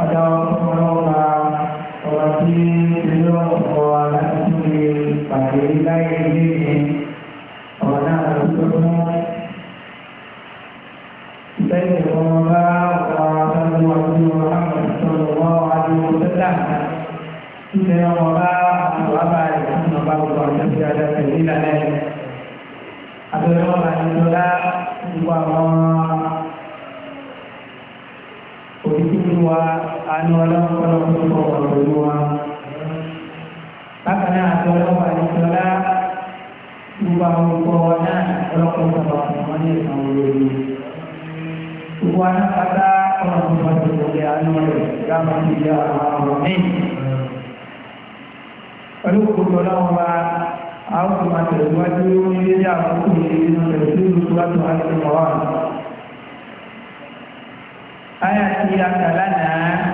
adáwọ̀ ọlọ́wọ́ ọ̀rọ̀ tí ilé ọ̀pọ̀ aláṣẹ pàdé láyé ilé yẹn ọ̀rọ̀ náà ló tó mú. Bẹ́ẹ̀ni wọn bá ọ̀rọ̀ ọ̀rọ̀ ọdún Muhammad sọ̀rọ̀ wọ́n adúgbò tẹ́lá. Ṣé wọn bá ọ̀rọ̀ abáyé fún ọba gbogbo ọ̀rọ̀ tí a dá tẹ̀lé ìlànà ẹ̀? Àbẹ̀rẹ̀ wọn bá ní lọ́lá gbogbo àwọn òbí tuntun wa. านวลก็ลงทุนโตตัวรวมพัฒนาตัวเราไปจนละดูบางตัวนั้นเราคงจะบอกมันยังไม่รู้ดีทุกวันพัฒนาก็ลงทุนโตตัวานวลก็มันที่ยาวมากเลยรู้คุณตัวเราว่าเอาคุณมาเจอวันที่วันที่จะมาคุยกันเรื่องที่รู้ตัวตัวที่มาอายาที่รักษาแล้วนะ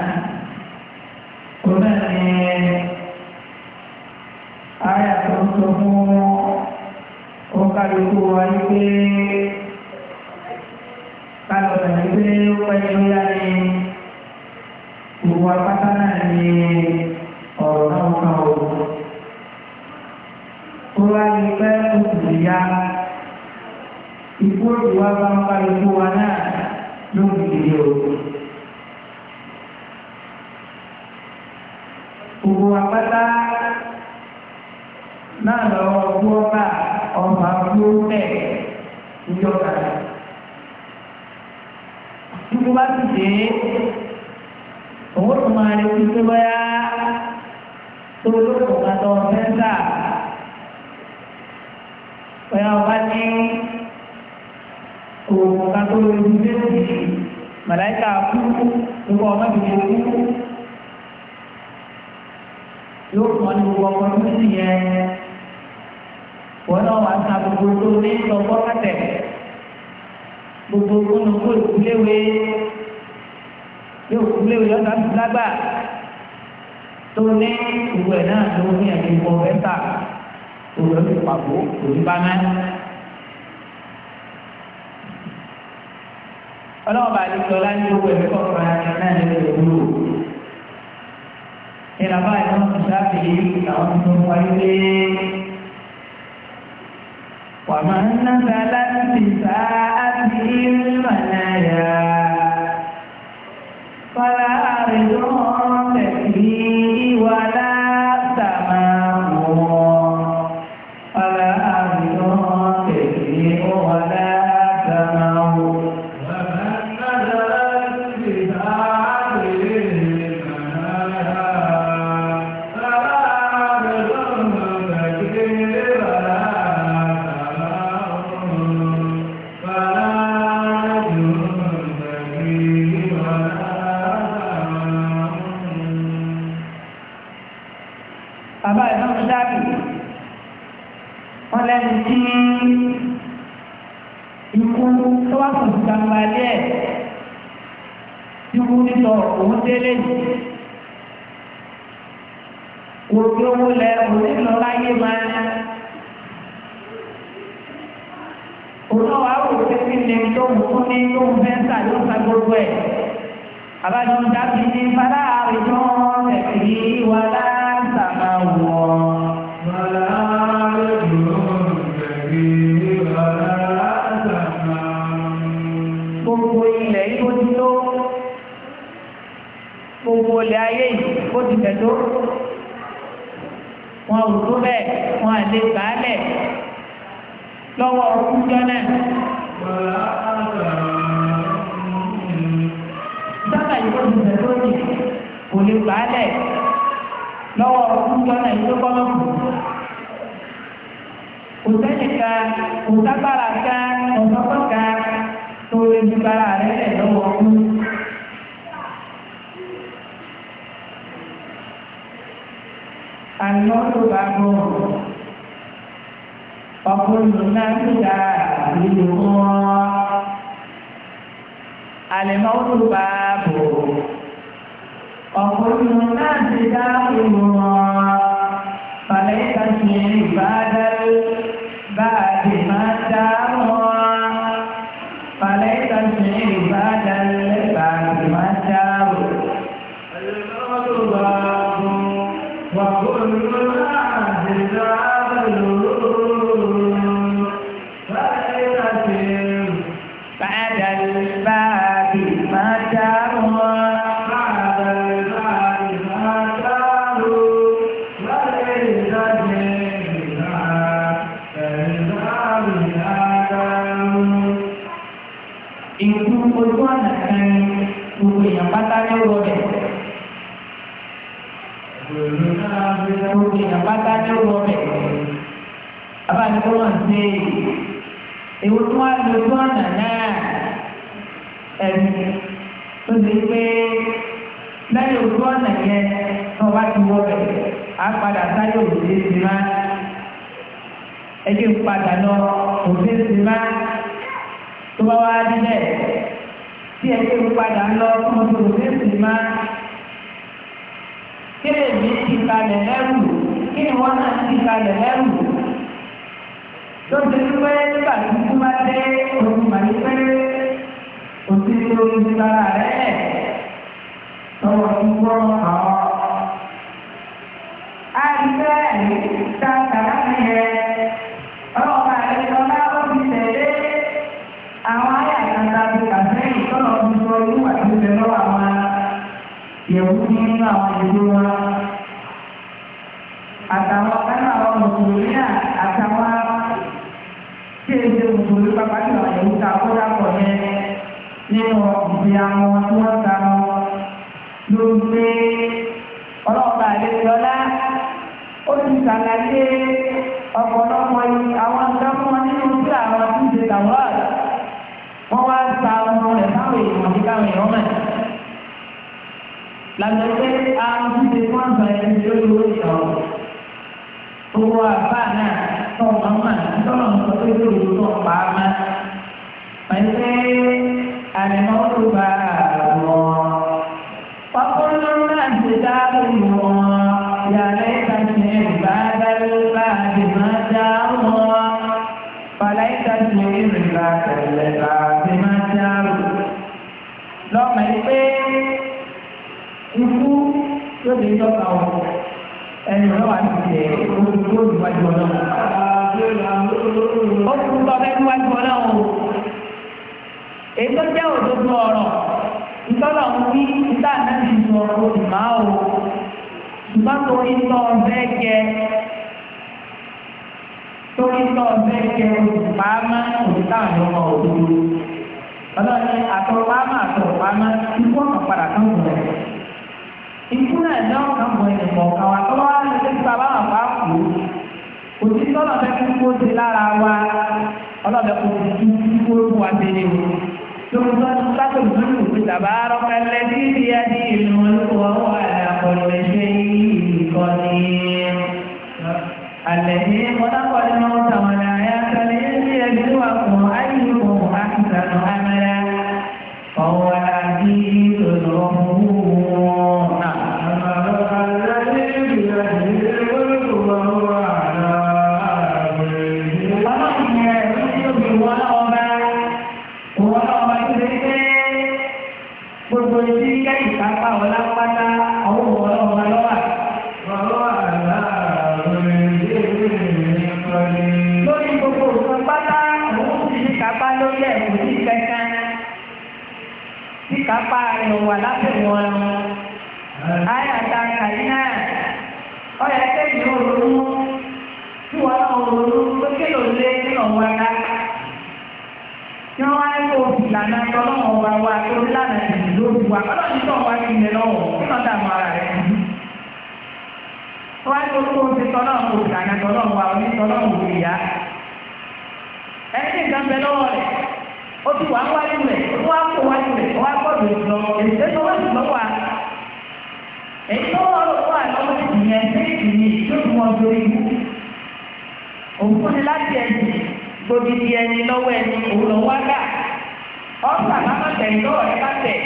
gbólóhùn kan tó ń fẹ́ńtà bóyá ọba ní oògùn kan tó lójú méjì màláìka kú gbogbo ọmọ ìdílé kú yóò mọ ní gbogbo ọmọ tó sì yẹ wọn náà wà sá gbogbo tó ní ìtọ́gbọ́ kẹtẹ gbogbo kúnnù ìkúléwé yóò kúléwé yọ̀ọ́ta ti lágbàá tó ní ìwé ẹ̀ náà ló ní ẹ̀mí wọ bẹ́tà òwò ẹ̀ fi pàbó òní bá náà. ọlọ́wọ́ bá ní sọlá ní owó ẹ̀mí kọ̀ọ̀kan ẹ̀ náà ní ìwé ìwúlò. ìlànà ìwọ̀n ti sáfì àwọn tó ń wáyé lé. ومن نزلت بساءة المنايا olùnàbíyà ìlú wọn. Àlèmọ́tò bá bò ọ̀pọ̀ ìlú náà ti dá ìlú Fàlẹ́ ìtàkùn ìbádá bá a balẹ̀ lẹ́rù tó ti pé nígbà tí wọ́n bá dé oṣù màlúù pé òsì oṣù ti bára รู้เดียวตัวบ้านน่ะต้องทำมันต้องไปดูตัวบ้านนะไม่ใช่อะไรน้องรู้บ้าน torí tọ́ ọ̀fẹ́ jẹ torí tọ́ ọ̀fẹ́ jẹ òṣùpámá òṣùpá àjọmọ̀ òdodo ọlọ́ni àtọ̀pámá àtọ̀pámá ikú ọ̀kan padà kan bọ̀ ẹ̀ ikú náà ní ọ̀kan bọ̀ ẹ̀ kọ̀ọ̀kan wa tọ́wọ́ wá lè fi bàbá wà bá kú òṣìṣẹ́ ọlọ́fẹ́ kí kó ṣe lára wa ọlọ́fẹ́ kó ṣe kí kó wà délé o lórí sọ́ni sátò lórí òkúta ìlú wọn lọ́wọ́ àlàkọ̀lẹ̀ ṣe yìí. القدير الذي خلق الموت والحياة tọ́lọ́run wa onítọ́lọ́run ló yá ẹni tí nǹkan bẹ lọ́wọ́ rẹ̀ ó ti wà wájú rẹ̀ ó wá kó wájú rẹ̀ ó wá gbọ́dọ̀ lọ èyí tó wá jù lọ́wọ́ èyí tó wọ́n lọ wà lọ́wọ́ ìyẹn méjì ni yóò mú ọjọ́ ibú òun fún ni láti ẹ̀sìn gbòdì di ẹni lọ́wọ́ ẹni òun lọ wá gà ọ̀sà máa tẹ̀ lọ́wọ́ ẹ bá tẹ̀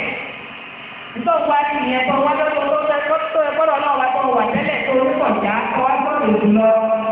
nítorí wá ní ìyẹn tó wá lọ́wọ́ tó ẹgbọ́dọ̀ náà wá tó wà tẹ́lẹ̀ tó ń pọ̀ já kó wá gbọ́dọ̀ lọ.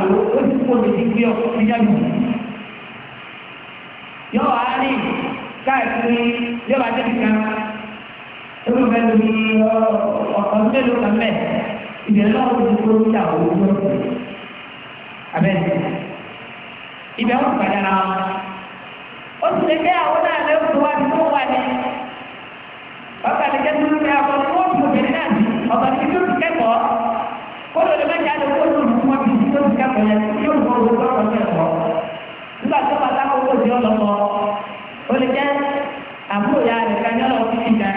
lò ó ti kó lè ti gbé ọ ìyá lù yọ wá rí káàkiri yọba débi kan ebi bẹ lu ọdún mélòó kan mẹ ìbẹ̀rẹ̀ náà ó ti kó lè ta òwúrọ̀ abẹ́ ibẹ̀ wọn padà náà ó ti lè gbé àwọn náà lẹ́wọ̀n tó wá ní kó wá ní bàbá lè jẹ́ tuntun ní àbọ̀ tó wọ́n ti mọ̀ bẹ̀rẹ̀ náà ọ̀gbọ̀n ti tó ti kẹ́kọ̀ọ́ kó lè lè má kó lè kan yóò gbọ́ gbogbo àwọn ọmọ ẹ̀kọ́ nígbà tó bá sá kókó sí ọlọ́mọ ó lè jẹ́ àbúrò ya rẹ̀ ká ní ọlọ́wọ́ títí kan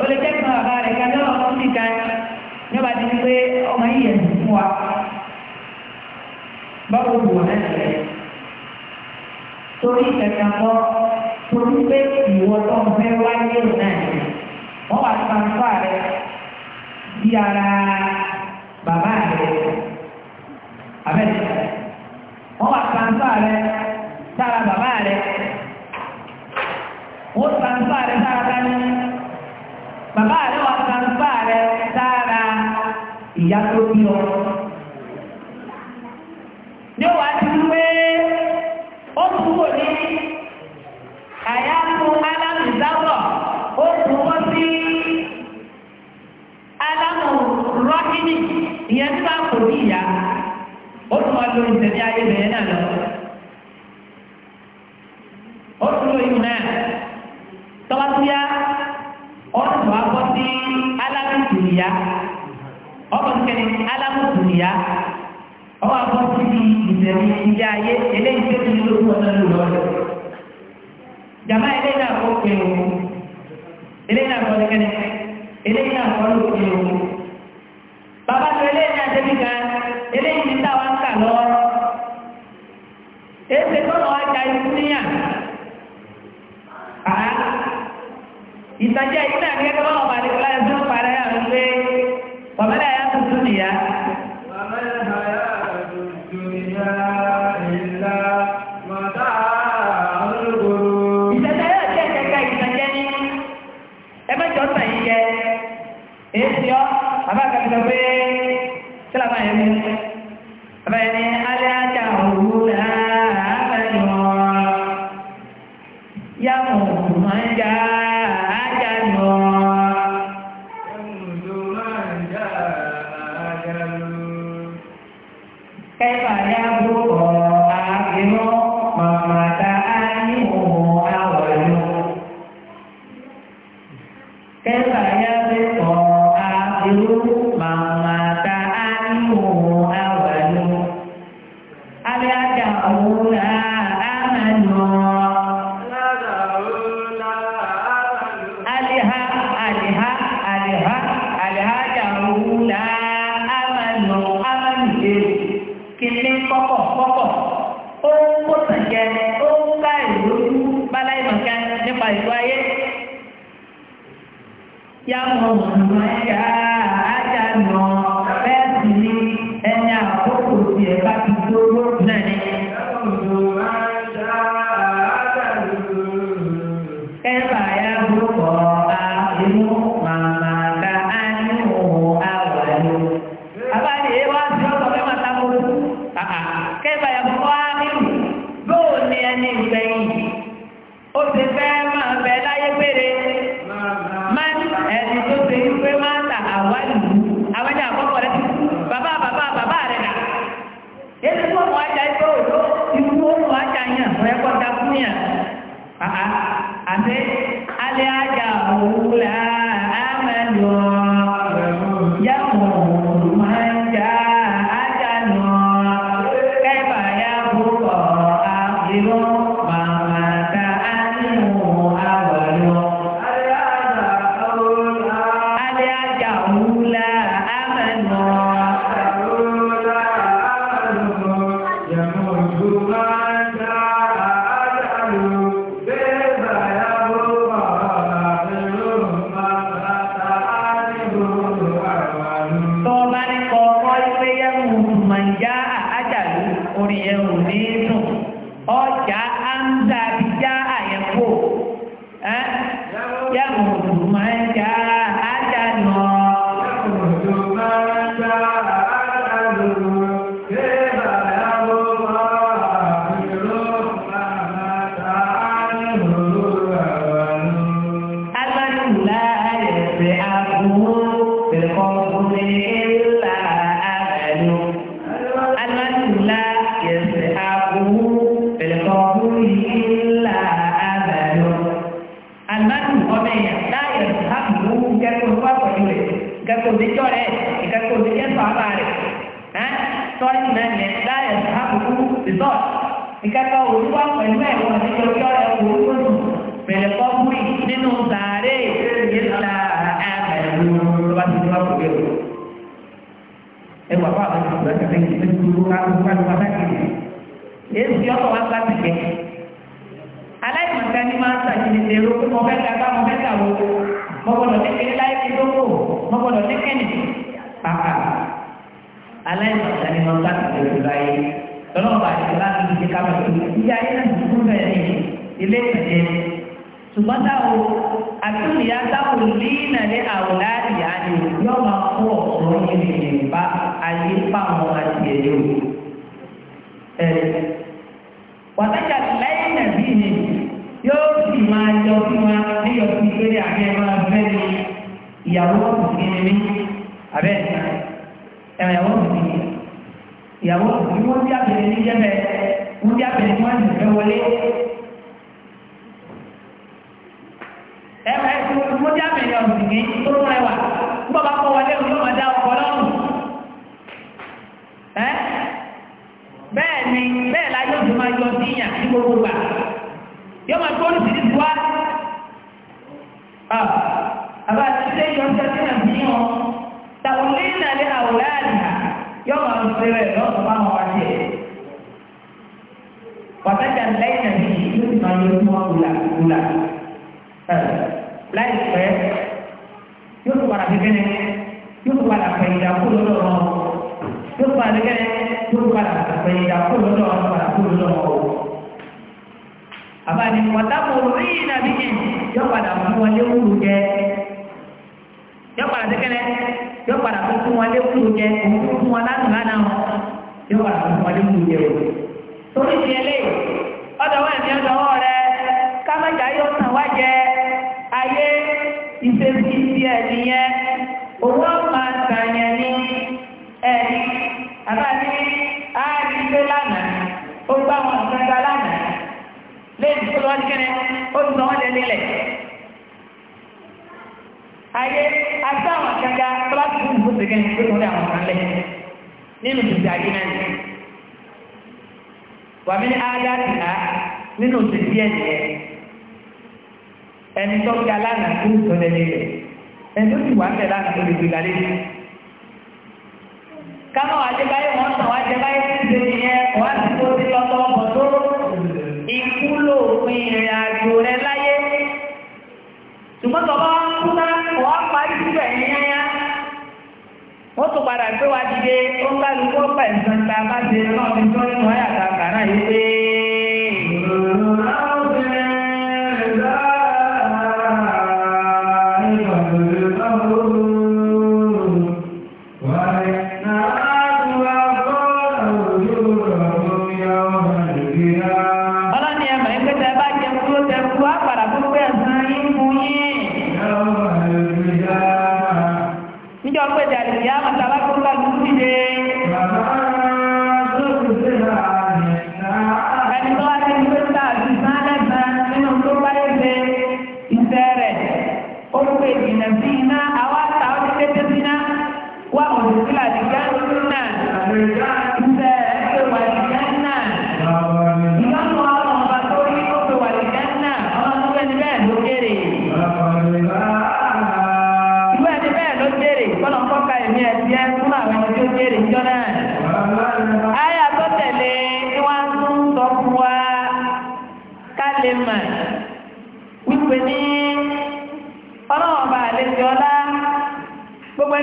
ó lè jẹ́ kí bàbá rẹ̀ ká ní ọlọ́wọ́ títí kan ní ọba di pé ọmọ yìí yẹn fún wa báwo lù wọ́n náà ṣe torí ìtẹ̀kàn kọ́ torí pé ìwọ tó ń fẹ́ wáyé náà wọ́n wá transfer rẹ̀ bí ara bàbá rẹ̀. a wọ́n o a rẹ̀ sára bàbá rẹ̀ wọ́n tàǹfà rẹ̀ sára dání bàbá rẹ̀ wá tàǹfà rẹ̀ sára ìyá tó bí ọ. ní wàá ti wé máa lo ìtẹ̀lé ayé bẹ̀rẹ̀ náà lọ. ó tún lo ìlú náà tọ́wá tó yá ó tún wá bọ́ sí alámùtù ìyá ọkọ̀ kẹ́ni alámùtù ìyá ọwọ́ àbọ̀ sí ìtẹ̀lé ìdí ayé eléyìí tó ti lórí ọ̀nà lọ́wọ́ jama eléyìí náà kọ́ pé o eléyìí náà kọ́ ní eléyìí náà kọ́ ló pé o bàbá tó eléyìí àtẹ́bí kan eléyìí ní táwa ń kà lọ èsè tọ́nà wá ja ikú níyà àá ìtajà yìí náà ní ẹgbẹ́ wọn pàdé láyé tó parẹ́ àwọn pé wàmẹ́lẹ̀ àyà tuntun nìyà. Ẹ mẹ́jọ sàn yìí yẹ, èsì ọ́, bàbá kan sọ pé 各老板。yẹn kúlà eh, láìpẹ́ yóò tó padà kékeré yóò tó padà fẹ̀yìndà kó lọ́dọ̀ wọn yóò tó padà kékeré yóò tó padà fẹ̀yìndà kó lọ́dọ̀ wọn padà kó lọ́dọ̀ wọn. àbáni wọ́tàbù rí nàbí yẹn yóò padà fún wọn léwúrú jẹ yóò padà kékeré yóò padà fún wọn léwúrú jẹ òun fún wọn láti bá náà yóò padà fún wọn léwúrú jẹ o. torí ti ẹlẹ́yìn ọ̀dọ̀ wọn ẹ̀mí ọ̀dọ̀ wọn rẹ̀ kámẹ́jà yóò tàn wá jẹ ayé ìfèsì ti ẹ̀ nìyẹn owó máa tàn yẹn ní ẹ̀ àbáyé ààrí ilé lánàá ó gbá wọn kankan lánàá léèdì tó lọ́wọ́ nìkẹ́rẹ́ ó ti sọ wọ́n lé nílẹ̀ ayé àti àwọn kankan kíláàsì fún ìfúnṣe kẹ́ni pé wọ́n lé àwọn kan lẹ̀ nínú ìdíje ayé náà wàmí ní ágá ti há nínú ìdíje ẹ̀ ẹni tó ga lánàá tó ń sọ lẹ́lẹ́ rẹ̀ ẹni tó sì wà ń bẹ̀ lánàá tó lè gbé lálẹ́ rẹ̀. kámọ́ àjẹbáyé wọn sàn wá àjẹbáyé tó ti ṣe yẹn wá sí tó ti lọ́tọ́ ọkọ̀ tó ikú lòpin ìrìn àjò rẹ láyé. ṣùgbọ́n tọ́ba wọn kú ná wọ́n parí síbẹ̀ yẹnyẹnyá. wọ́n tún padà gbé wa dìde ó ń kálukú ó pẹ̀ ń sàn tá a bá ṣe lọ́ọ̀ọ́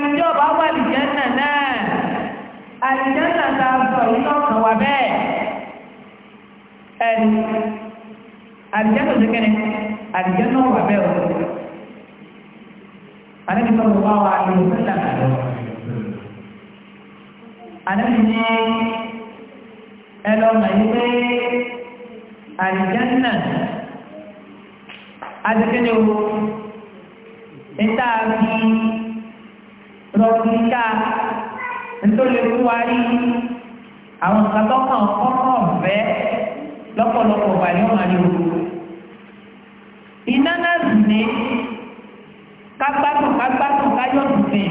gbogbo ẹni tí ọba wà lìjẹ́nà náà àlìjẹ́nà ta sọ ìlọ́kàn wà bẹ́ẹ̀ ẹni àlìjẹ́nà tó kẹ́ni àlìjẹ́nà wà bẹ́ẹ̀ o àlẹ́bí sọ̀rọ̀ wá wà ní ìpínlẹ̀ àlẹ́bí ní ẹlọ́nà yìí pé àlìjẹ́nà àti kẹ́ni o ìta àbí rọ̀bìkà nítorí olúwarí àwọn nǹkan tó kàn kọ́kọ́ ọ̀fẹ́ lọ́pọ̀lọpọ̀ wà ní ọ̀nà ní òkú. iná náà sì ní kágbádùn kágbádùn káyọ̀ tùfẹ̀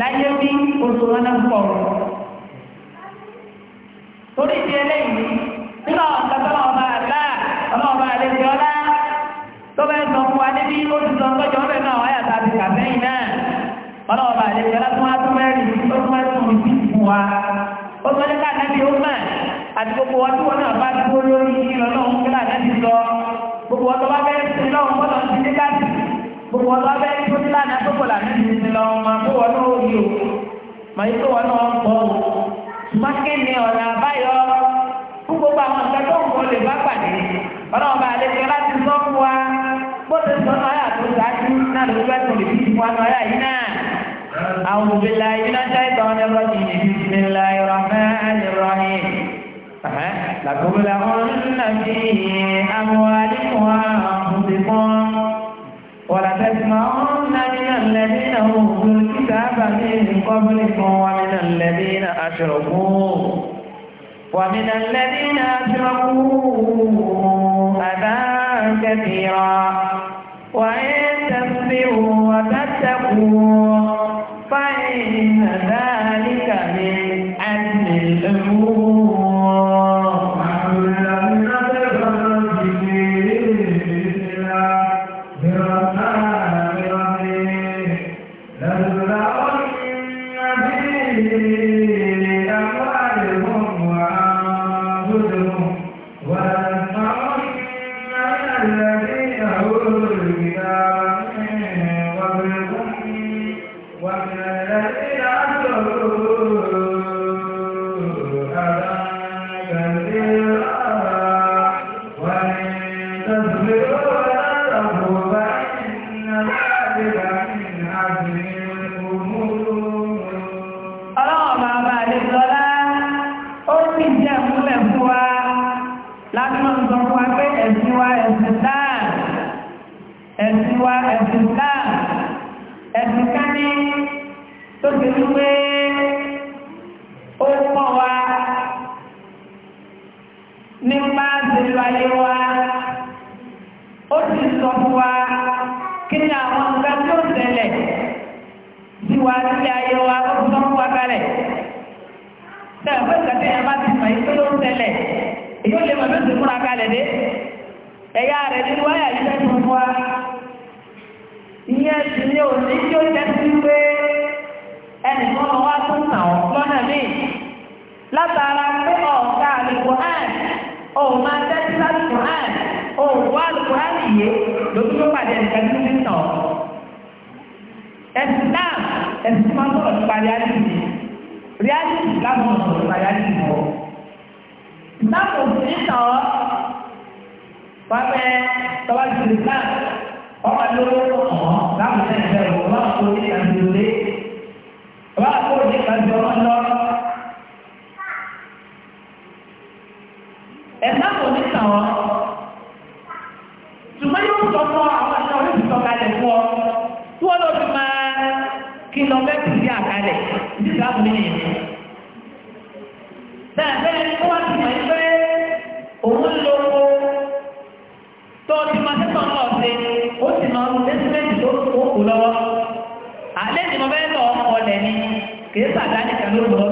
láyé bí oṣù wọn náà pọ̀ torí ti eléyìí nígbà wọn kan tọ́lọ́ ọba àlá ọba ọba àlejò ọlá tó bẹ́ẹ̀ sọ fún wa níbi ó ti sọ tọ́jú ọ̀rẹ́ náà wáyà tàbí kàfẹ́yìn náà ọlọ́ọ̀bà àdéhùn ọlọ́tún wá tún mẹ́rin ó tún mẹ́rin tún sí fún wa ó tún ní káàkiri ó mọ̀ àti gbogbo wọn tí wọn náà bá dúró lórí ìlọ náà ń kílà náà ti sọ gbogbo wọn tó bá bẹ́ẹ̀ sí lọ́wọ́ gbọ́dọ̀ sí ní káàkiri gbogbo wọn tó bá bẹ́ẹ̀ tó ní lánàá tó kọ̀ lànà ti sí lọ mà kó wọn náà yìí o mà yìí tó wọn náà ń bọ̀ o ọ̀nà àbáyọ fún gbogbo àwọn nǹkan tó ń bọ̀ lè bá pàdé ọlọ́ọ̀bà àdéhùn أعوذ بالله من الشيطان الرجيم بسم الله الرحمن الرحيم لكم لهن فيه أموالكم وأنفسكم ولتسمعن من الذين أوتوا الكتاب من قبلكم ومن الذين أشركوا ومن الذين أشركوا أذى كثيرا وإن تصبروا وتتقوا فإن ذلك ló lọ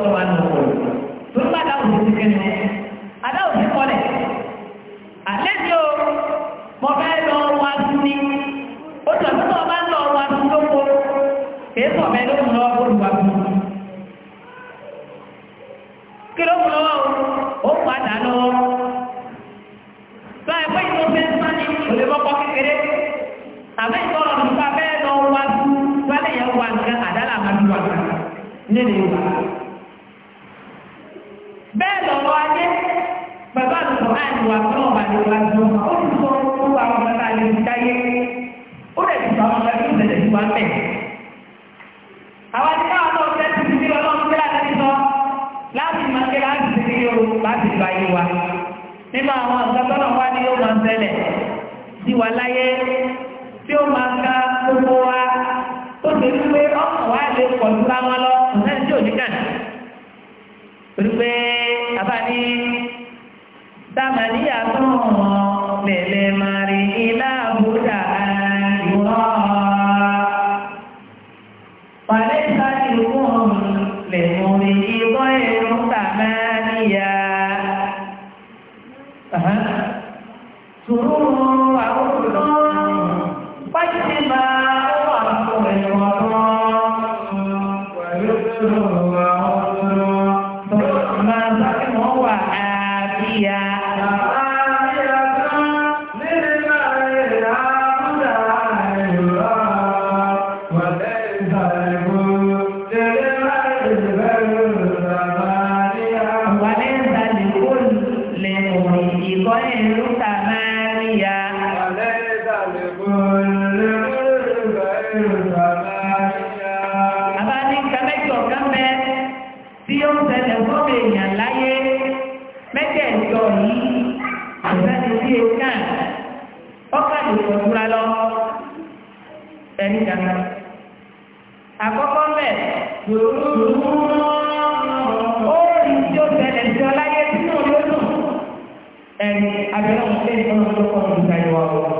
abẹ́rẹ́ wọn fẹ́ẹ́ kọ́ o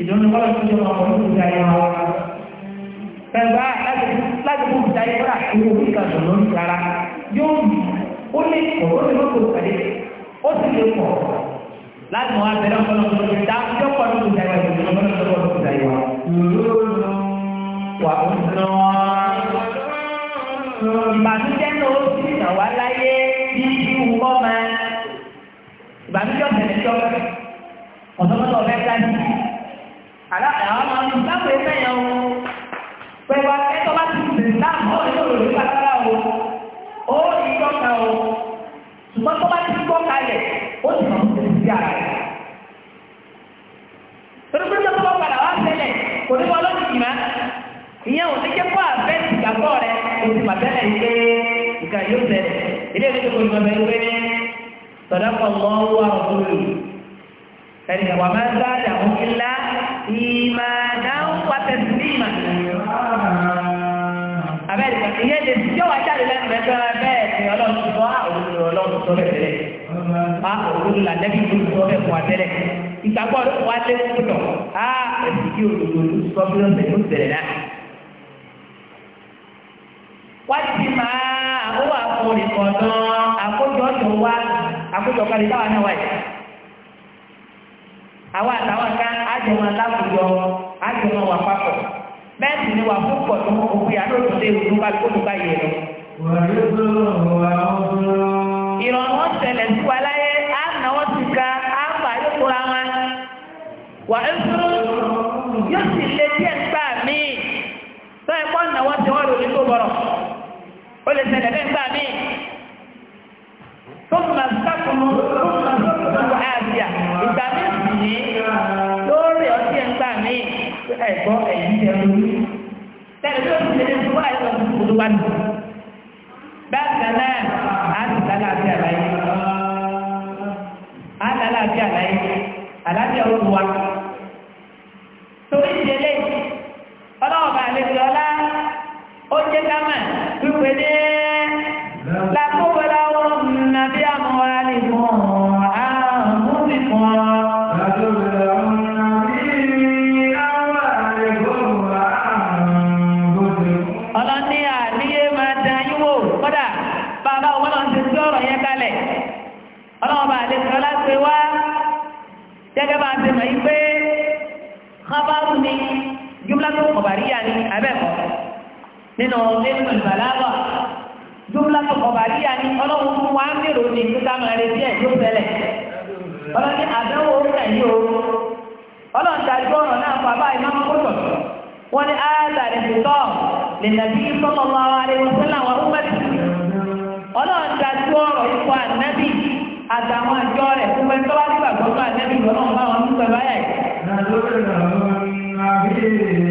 ìdùnnú kọ́ lọ́dún tó máa láyé bí ikú kọ́ máa ìbànújẹ́ ọ̀tẹ̀lẹ̀ tí ọ̀rẹ́ ọ̀tọ́mọ́tọ̀ ọ̀rẹ́ dájú àwọn ọmọ ọmọ ìgbàgbé fẹ́yàn o pé wa ẹ̀tọ́ bá ti bèrè láàmú ọ̀rẹ́ yóò lòdì pàtàkì o ó ní tọ́ka o ṣùgbọ́n tó bá ti gbọ́ kalẹ̀ ó sì mọ̀ ní ti ara rẹ̀ torí pé tó bá padà wá ṣẹlẹ̀ kò ní wọ́n lọ́dún ìmá ìyẹn ò ní jẹ́ kó àbẹ́ ìgbàgbọ́ rẹ̀ kò sì mà tẹ́lẹ̀ ìgbé nǹkan yóò tẹ̀lé ilé ìgbésẹ̀ kò ní sọ̀dọ́kọ̀ mọ́ wà rọ̀kúrò ẹni àwọn máa ń sáàdà mú ilá ìmàdá ń pàtẹ́ sí ìmà abẹ́rẹ́ ìyẹn lè tí ó wá jáde lẹ́nu rẹ̀ fẹ́ra bẹ́ẹ̀ ni ọlọ́run sọ àwòrán ah, ọlọ́run sọ bẹ́ẹ̀ tẹ́lẹ̀ a ah, òun là lẹ́bí tó sọ bẹ́ẹ̀ fún àkójọkalẹ̀ táwa náà wáyé àwa àtàwọn ká àjẹmọ láwùjọ àjẹmọ wà papọ̀ ni wà fún pọ̀ tó lé ìlú bá bá yẹ lọ. sí wa láyé á náwó ti ka á yóò kóra wà yóò sì lé díẹ̀ tó máa sákòmọ́ tó máa sọ̀rọ̀ àbíà ìgbà méjì ní lórí ọtí ẹ̀ńgbà mi ẹ̀gbọ́ ẹ̀yìn tẹ̀ lórí. Tẹ̀lé tó ti lè fún àìsàn olúwa nù. Bákan náà, a ti lálẹ́ àti àlàyé. A lálẹ́ àti àlàyé. Àlàáfíà olúwa. Torí ìdílé, ọlọ́ọ̀bà àlejò ó jẹ́ ká mà wípé ní làkúkọ̀ọ́lá. nínú ẹ̀kọ́ ìbàlágà jumla tó kọ̀ bàbí yá ni ọlọ́run fún wa ń bèrò ní ìgbésà máa retí ẹ̀ yóò fẹ́lẹ̀ ọlọ́ni àdánwò rẹ̀ yìí o ọlọ́run tàbí ọ̀rọ̀ náà fún abá ìmọ̀ kótó wọn ni áàdàrẹ̀ tìtọ́ lè nàbí sọ́mọ́ wa wà lè wọ́n sílẹ̀ àwọn ọmọdé ọlọ́run tàbí ọ̀rọ̀ ikú ànábì àtàwọn àjọ rẹ̀ fún pẹ́ tọ́wá nígbàgbọ́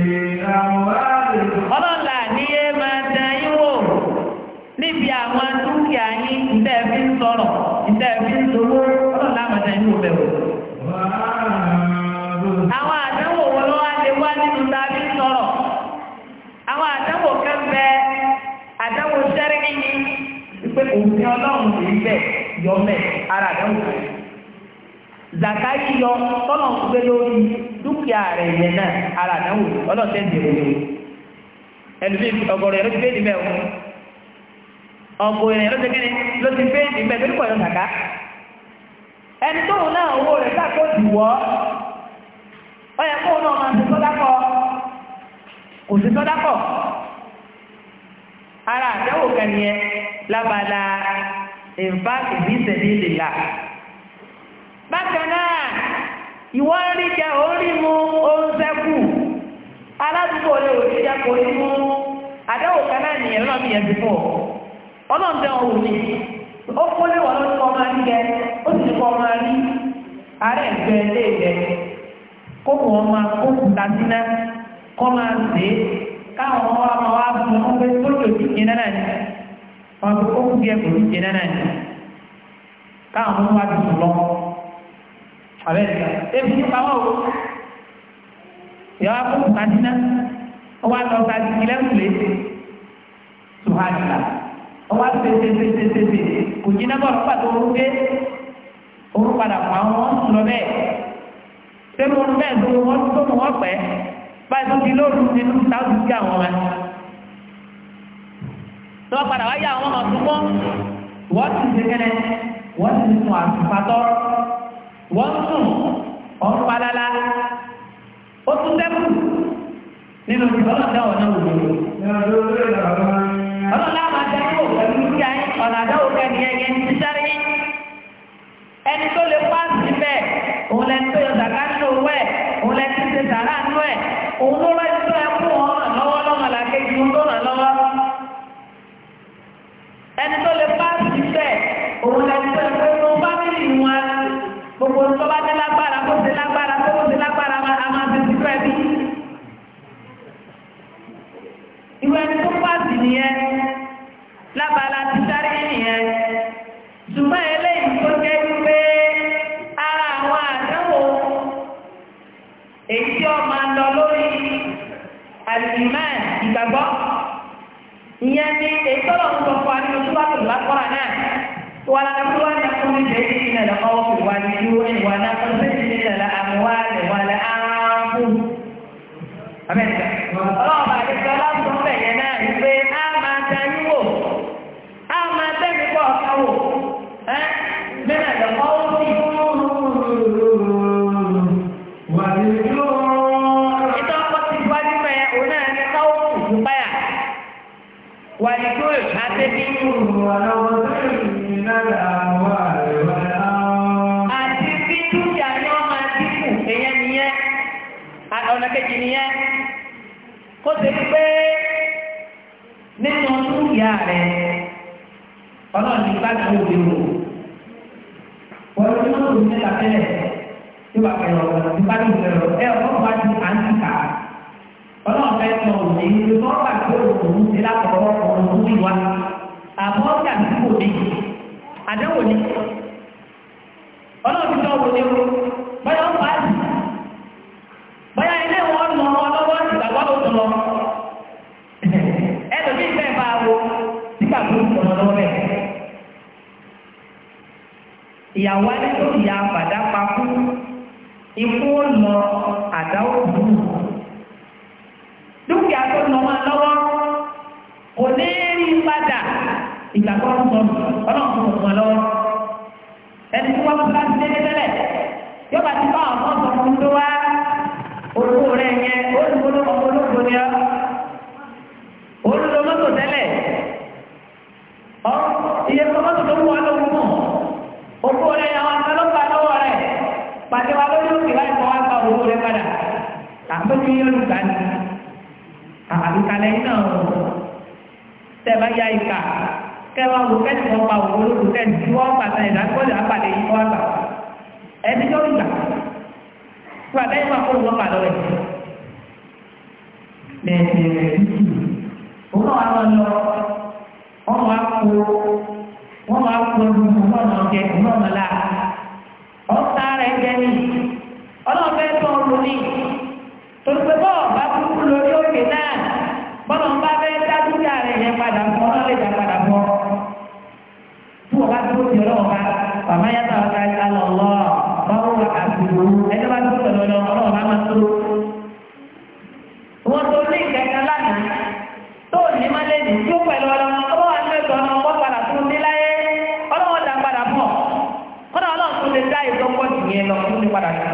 ń gbé lórí dúkìá rẹ̀ yẹn náà ara àdáwò ọlọ́tẹ̀ ń dèrò lórí ẹlùmí ọgọ̀rọ̀ ẹ̀rọ ti fẹ́ ìdíbẹ̀ wọn ọgọ̀rọ̀ ẹ̀rọ ti kíni ló ti fẹ́ ìdíbẹ̀ tó nípa ìrọ̀tàká ẹni tóun náà owó rẹ̀ sáàkó ìwọ́ ọ yẹ kóun náà máa ń ṣe sọ́dákọ̀ kò sí sọ́dákọ̀ ara àdáwò kan yẹn lábala ìfá ìbísẹ̀ ní ìlà bákan náà ìwọ ń jẹ orí mu oún sẹ́kù aládùúgbò rẹ ò rí jẹ kò rí mu àdéhùn kan mi yẹn ti fọ ọlọ́run ọ̀hún ni ó kó kọ́ máa ó sì kọ́ máa rí ààrẹ ìgbẹ́ ilé ìgbẹ́ kó kò wọ́n máa kó kọ́ máa sè é káwọn ọmọ wa máa wá pé jẹ náà ni wọn abẹ́ẹ̀ta ebi tó pamọ́ o ìyàwó akókò kadínà ọwọ́ àtọ́ ka ìlẹ́kùnlé suhadìlá ọwọ́ àtẹ́tẹ́tẹ́tẹ́tẹ́ kò jiná bọ̀ nípa tó ń gbé òun padà pa wọn lọ bẹ́ẹ̀ sẹ́nu wọn bẹ́ẹ̀ tó wọn tó mọ̀ wọ́n pẹ́ báyìí tó ti lóòrù nínú táwọn ti àwọn ọmọ tó padà wáyé àwọn ọmọ tó mọ́ wọ́n ti ṣe kẹ́lẹ́ wọ́n ti sùn àtúpatọ́ wọ́n sùn ọ̀n palala ó tún sẹ́kù nínú ọlọ́dà ọ̀nà òwò. ọlọ́dà máa dẹ́kọ̀ pẹ̀lú dúkìá yín ọ̀nà àdáwò kẹ́ni ẹ̀yẹ ń tíṣárí yín. ẹni tó lè pa síbẹ̀ òun lẹ́ni tó yọ zàkà nínú owó ẹ̀ òun lẹ́ni tó ṣe sàrà nínú ẹ̀ òun ló rẹ̀ ẹni tó pàṣẹ nìyẹn lábala ti sáré nìyẹn ṣùgbọ́n eléyìí tó jẹ́ pé ara àwọn àdánwò èyí tí ó máa lọ lórí àlùmọ́ ìgbàgbọ́ ìyẹn ni èyí tó lọ sọ fún àdúgbò tó bá tó lápọ́ra náà tó wà lára fún wàhálà fún mi lè ní ìlànà ọ̀hún fún wa ní ìlú ìwà náà fún mi ní ìlànà àmúwá àlẹ̀wà àlẹ̀ ààrùn. Abẹ́ẹ̀ta, ọlọ́run bá a lè sọ ọlọ́run. bá dàbí òde o. Wọ́n ti máa ń tòun tẹ́lẹ̀ tí wàá fẹ́ lọ tí bá dùn fẹ́ lọ ẹ ọ̀pọ̀ wá ti à ń ti kà. Ọlọ́run fẹ́ sọ òde ìlú tó wà tó òun ti lákọ̀ọ́ ọ̀run tó wíwá. Àbọ̀ ọ̀gá mi Àdéhùn ni. Ọlọ́run ti sọ òde o. Bọ́lá ń pa á ìyàwó ayé tó ìyá àbàdá pa kú ikú ó lọ àdá òkú dúkìá tó lọ máa lọ́wọ́ kò ní rí padà ìgbà tó ń sọ ọlọ́run tó mọ̀ lọ́wọ́ ẹni tí wọ́n bá ti dé tẹ́lẹ̀ yóò bá ti bá ọ̀pọ̀ ọ̀pọ̀ tó wá olówó rẹ̀ yẹn olùkólókòó olóògbé ni fi yẹn lùgbà ní àbíkalẹ̀ yìí náà tẹ̀ bá ya ìka kẹwàá wò kẹ́ni wọ́n pa òwò lóko kẹ́ni tí wọ́n pa sẹ́yìn lágbọ́dọ̀ àpàdé yìí wọ́n gbà ẹni tó ń gbà tó àbẹ́yìn wà fún wọn pàdọ́ rẹ̀ bẹ́ẹ̀ òun náà wà lọ lọ wọ́n kó wọ́n wá kó ọdún wọn náà jẹ òun náà lọ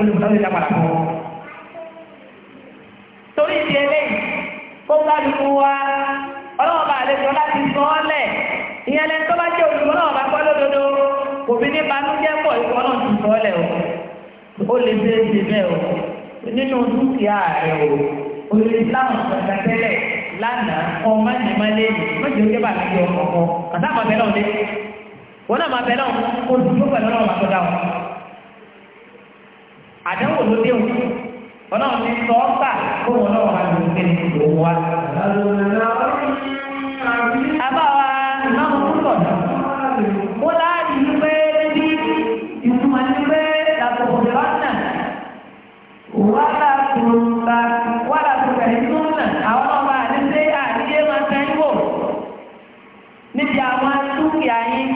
olùkọ́ ìjà padà fún ọ. torí ti eléyìí kó kálukú wa ọlọ́wọ́ bá àlejò láti sọ ọ́ lẹ̀ ìyẹn lẹ́nu tó bá jẹ́ olùkọ́ náà bá gbọ́ lódodo kò fi ní banújẹ́ pọ̀ ìkọ́ náà ti sọ ọ́ lẹ̀ o ó lè ṣe é ṣe bẹ́ẹ̀ o nínú dúkìá rẹ̀ o olè láwọn ìgbàgbà tẹ́lẹ̀ lánàá ọmọ ìnìmọ́lé mọ́jọ́ yóò bá mi yọ ọkọ̀ àtàkọ̀ bẹ́ẹ̀ náà dé wọn náà máa bẹ́ẹ̀ náà kó àdánwò ló dé òun ọlọ́run ti sọ ọ́ tà kó wọn náà wà lóun ní òun wa. àbáwa ìmáàmù púpọ̀ náà ó láàyè ní pé bí ìtumọ̀ ní pé làbọ̀ òjò náà wà látòkà wà látòkà ìlú náà àwọn ọmọ àdéhùn àdéhùn máa tẹ́ ń bò níbi àwọn dúkìá yín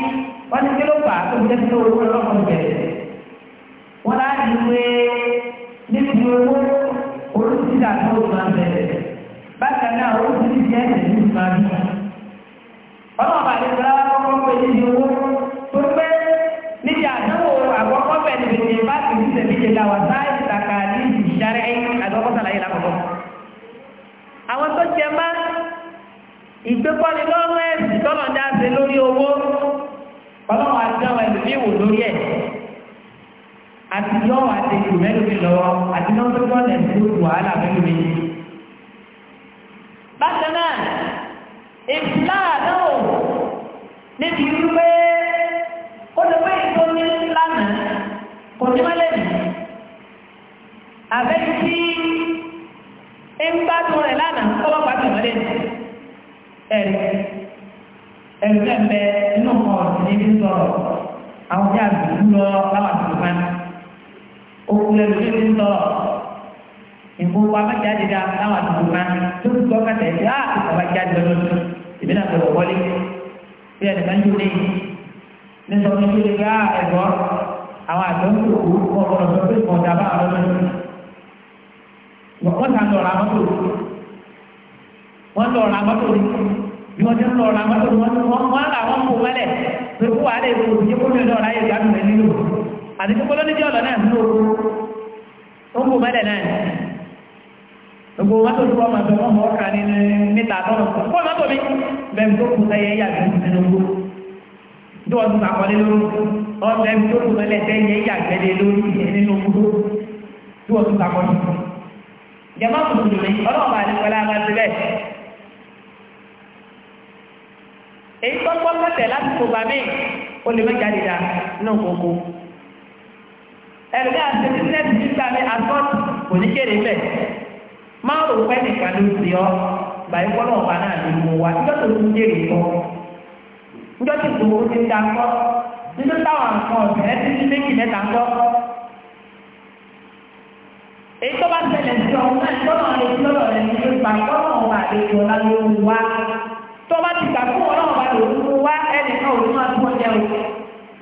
wọ́n ti kí ló fà tó ń tẹ́tí owó ọlọ́run bẹ̀rẹ̀. ó ti máa bẹ̀rẹ̀ bákan náà ó ti ní ìjẹ́ ẹ̀sẹ̀ ní ìgbà mi. ọlọ́run àti ìgbà àkọ́kọ́ pé níbi owó tó pé níbi àdánwò àkọ́kọ́ bẹ̀ níbi tí bá ti ní ìṣẹ̀lẹ̀ ìjẹ̀lá wà sáà ìtàkà ní ìṣàrẹ̀ ẹ̀yìn àdọ́kọ́ sàlàyé lákọ̀ọ́kọ́. àwọn tó jẹ má ìgbékọ́ni lọ́rùn ẹ̀sìn tọ́lọ̀ àti yọ àti jù mẹ́lòmí lọ́wọ́ àti náà tó gbọ́n lẹ̀ tó wàhálà mẹ́lòmí. bákan náà ìfúlá náà níbi wípé ó lè pé ètò ní lánàá kò ní mọ́lẹ̀ nì. àbẹ́ tí ń bá tó rẹ̀ lánàá kọ́ bá pàtó mọ́lẹ̀ nì. ẹ̀rù ẹ̀rù lẹ́m̀bẹ́ inú kan ọ̀sìn níbi sọ̀rọ̀ àwọn tí a gbìyànjú lọ láwọn àti òkúlẹ̀ lórí ti ń sọ̀rọ̀ ìfowópamọ́ amájáde dá táwọn àdúgbò kan tó ti gbọ́ kẹsẹ̀ ẹ̀ ah, á ìfowópamọ́ ajáde lọ́dún ìbí náà tó wọlé bí ẹnì kan yóò lé ní sọ fún yóò lé bí á ah, ẹ̀gbọ́ àwọn àdéhùn tó kú kọ́ ọ̀rọ̀ tó pé kọ̀ọ̀dà bá àwọn lọ́dún wọ́n sàn lọ́ra mọ́tò wọ́n lọ́ra mọ́tò ní bí wọ́n ti pé kó wàá lè ro òjì kó mi lọ́ra yẹ àti gbogbo lóní jẹ́ ọ̀lọ́ náà ní ogun tó ń bò mẹ́lẹ̀ náà gbogbo wọ́n tó tó ọmọ ẹgbẹ́ wọn mọ̀ ọ́kà ní níta tọ́nà fún ọmọ tóbi bẹ́ẹ̀ tó kù sẹ́yẹ yàgbé nínú ogun tó wọ́n tó sàkọlé lórí ọ̀sẹ̀ tó kù mẹ́lẹ̀ sẹ́yẹ yàgbé lórí nínú ogun tó wọ́n tó sàkọlé jẹmọ́ mùsùlùmí ọlọ́ọ̀bà àdìpẹ́lá máa ti bẹ́ẹ̀ èyí ẹ̀rẹ́ àti bísẹ́ẹ̀tì nígbà mi àtọ́ kò ní kéde bẹ́ẹ̀ máa rò pé nìkan ló ti ọ bàyí kọ́ náà bá náà lè mú wa níjọ́ tó ti kéde kọ́ níjọ́ tó ìṣòwò ti da kọ́ níjọ́ táwọn nǹkan ọ̀sẹ̀ ẹ́ ti ní méjì mẹ́ta kọ́ èyí tó bá tẹ̀lẹ̀ sí ọ̀hún náà lọ́nà lè fi lọ́rọ̀ rẹ̀ ní ìgbà lọ́nà ọba àlejò ọ̀la ló ń wá tó bá ti gbà fún ọlọ́run ọba lòún wá ẹnìkan òun náà tó jẹun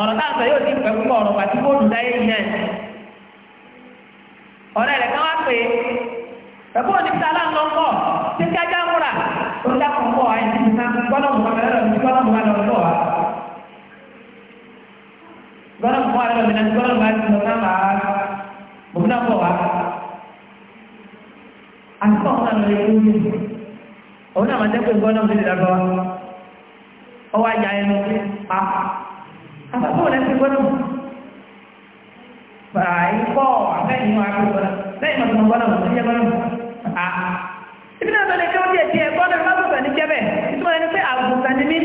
ọ̀rọ̀ táà sọ yóò ti pẹ̀ púpọ̀ ọ̀rọ̀ pàtí kó dùn láyé yìí náà ọ̀rẹ́ rẹ̀ ká wá pé ẹ̀kọ́ ní sálá ń lọ pọ̀ tí ká já múra tó ń dákun pọ̀ àìsí ní sáà gbọ́dọ̀ mú ọmọ ẹ̀rọ mi gbọ́dọ̀ mú ọmọ ẹ̀rọ lọ́wọ́ gbọ́dọ̀ mú ọmọ ẹ̀rọ mi náà gbọ́dọ̀ mú ọmọ ẹ̀rọ náà òun àti pọ̀ náà lórí ewu òun náà máa jẹ́ gbọ́dọ̀ mú ọmọ ẹ̀rọ wa ọwọ́ ajá ẹnu pa àbábọ̀ rẹ̀ ti gbọ́dọ̀ mọ̀ fàáyí pọ̀ àfẹ́yìn wọn àti gbọ́dọ̀ lẹ́yìn mọ̀tò gbọ́dọ̀ mọ̀ níjẹ́ gbọ́dọ̀ mọ̀ ibi náà lọ́lẹ̀ kí wọ́n jẹ́ ti ẹ̀gbọ́n náà lọ́dún sàn ní jẹ́bẹ̀ ìtumọ̀ ẹni pé àgùntàn ni mí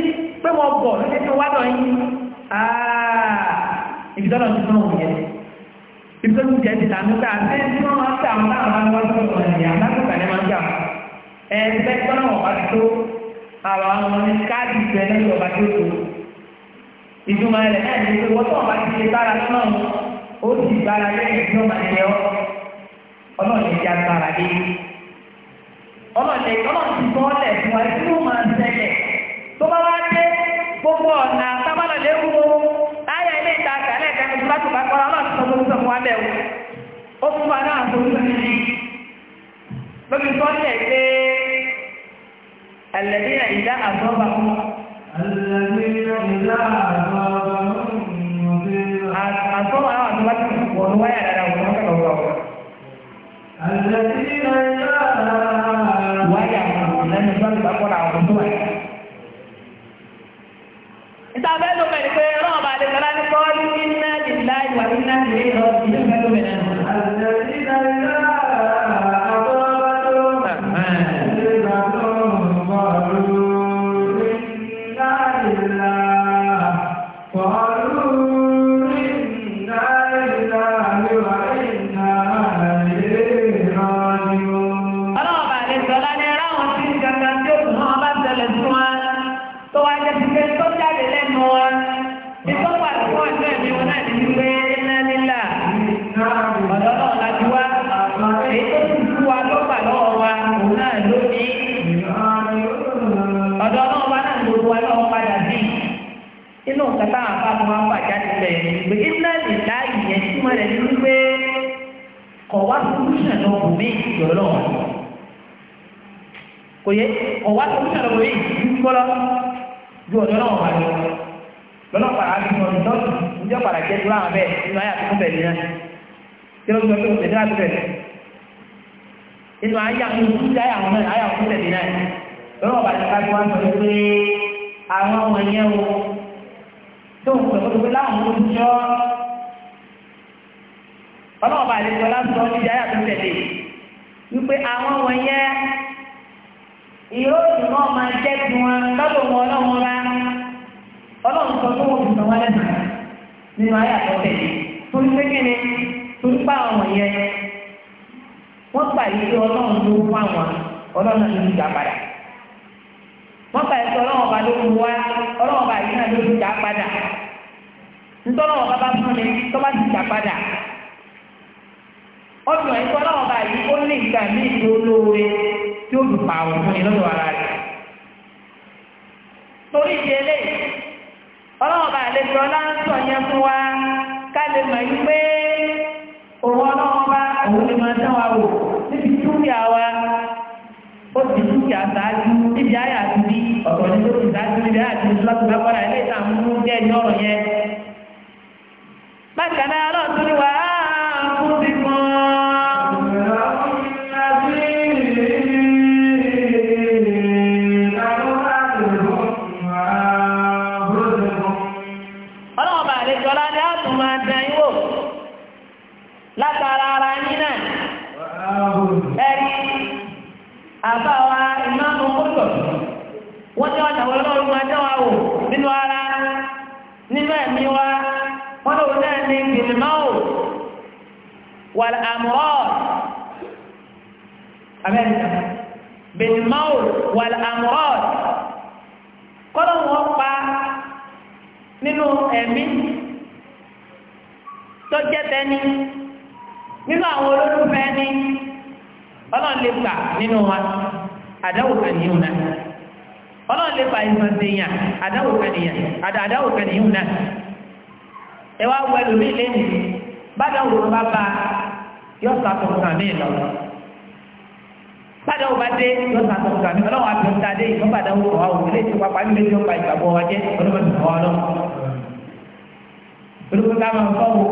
pé mo bọ̀ ló ṣe fi wá lọ yín ibi tọ́lọ̀ ti fún òun yẹn ibi tó ti jẹ́ ti tàbí pé àti tí wọ́n máa ń tà wọn láwọn máa ń wá lọ́dún sàn ní àtàkùnkàn ní máa ń jà ẹ̀ẹ́dẹ́gbọ́n náà wọ́n bá tó àwọn ọmọ ní káàdì ìfẹ́ lẹ́yìn ọba tó tó ìdúmọ̀ rẹ̀ náà ní pé wọ́n tó ọba ti ṣe bára náà ó sì bára lẹ́yìn tí ọba ti yọ ọlọ́ọ̀ni ti agbára dé ọlọ́ọ̀ni ọlọ́ọ̀ni tó ń fún wa tí ó máa ṣẹlẹ̀ tó bá wá dé gbogbo ọ̀nà sábàlọ̀ láyà ilé ìta tó bá tó bá kọ́ra tó tó bẹ̀ wò ó fún àtọ́wọ́ àwọn àtọ́wọ́ tí wọ́n ń wáyà dára wọ́n ń kàkọ́ wọ́n. wáyà òye ọ̀wá tó ń sọ̀rọ̀ wòye ìdúgbọ́lọ́ ju ọ̀dọ́ náà wà ní lọ́nà pàrà bí wọn lọ́nà ìjọ pàrà jẹ́ tó láwọn bẹ́ẹ̀ nínú ayé àtúntò bẹ̀rẹ̀ náà kí ló ń sọ pé òṣèlú tẹ̀lé àtúntò bẹ̀rẹ̀ nínú ayé àtúntò ayé àwọn náà ayé àtúntò bẹ̀rẹ̀ náà lọ́nà pàrà jẹ́ káàkiri wọn sọ pé àwọn ọmọ yẹn wo tó ń sọ pé láwọn ló ń jọ ọlọ́ọ̀bà àlejò lásán níbi ayé àtúntò bẹ̀rẹ̀ wípé àwọn ọmọ yẹn ìyó òdì náà máa jẹ́ ti wọn lọ́dọ̀ wọn ọlọ́run rá ọlọ́run sọ fún òdì náà nínú ayé àtọ́tẹ̀ pa àwọn yẹn wọ́n gbà yí ọlọ́run ló fún àwọn ọlọ́run ló ti wọ́n gbà ọlọ́run ọba ló fún wa ọlọ́run ọba yìí náà ló tí ó dùn pààrọ̀ fún yín lọ́dọ̀ ara rẹ̀. torí ìdí eléyìí ọlọ́run lè sọ láńsọ̀ yẹn fún wa ká lè mọ̀ yí pé òun ọlọ́run òun lè máa dán wa wò níbi dúkìá wa ó ti dúkìá ṣáájú níbi ayé àti bí ọ̀tọ̀ ní tó ti ṣáájú níbi ayé àti bí lọ́sibẹ́ kọ́ra ilé ìtàn mú jẹ́ ìyọ̀rọ̀ yẹn. wal amrad amẹ́ríkà bẹ̀lmáwò wal amrad kọ́lọ̀ wọn pa nínú ẹ̀mí tó jẹ́ tẹ́ni nínú àwọn olólùfẹ́ ni ọlọ́run lè gbà nínú wa àdáwò kàníyàn náà ọlọ́run lè gbà ìfọ̀nsẹ̀yàn àdáwò kàníyàn àdáwò kàníyàn náà ẹwà wẹ̀lú mi lẹ́yìn bá dáwò bá bá a yọ sọ àtọ̀ nǹkan mi lọ. Bàdà òbá dé yọ sọ àtọ̀ nǹkan mi ọlọ́run àti ọ̀tá dé ìfọ́ bàdà òwò wa òwò lè ti wá pàmí lè ti wá ìgbàgbọ́ wa jẹ́ ọlọ́mọdé wa lọ. Olùkọ́ ká máa fọ́ wo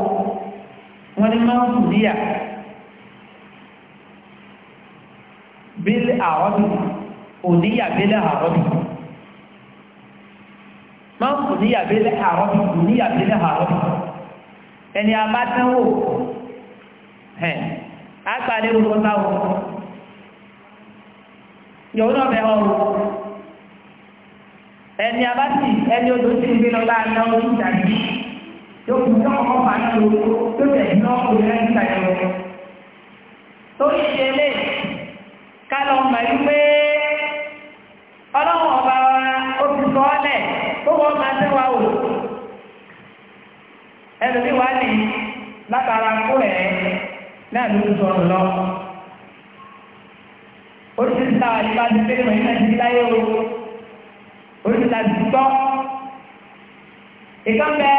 wọ́n ní máa ń sùn níyà. Bílẹ̀ àwọ́dù òníyà bílẹ̀ àwọ́dù. Máa ń sùn níyà bílẹ̀ àwọ́dù òníyà bílẹ̀ àwọ́dù. Ẹni abá tán wò ẹ̀ àgbà lérò tó táwọn yòówù náà bẹ̀ ọ̀rọ̀ ẹni abáti ẹni odò tí ń gbé lọ láàárín náà ó ń dàbí yóò fi tọ́ ọkọ̀ fà á tó tẹ̀ ní ọkọ̀ yẹn ń ọlọ́run lọ. oríṣiríṣi àwọn àdìbá ti pé ìmọ̀ iná ti láyé o oríṣiríṣi àti gbọ́. ìkan bẹ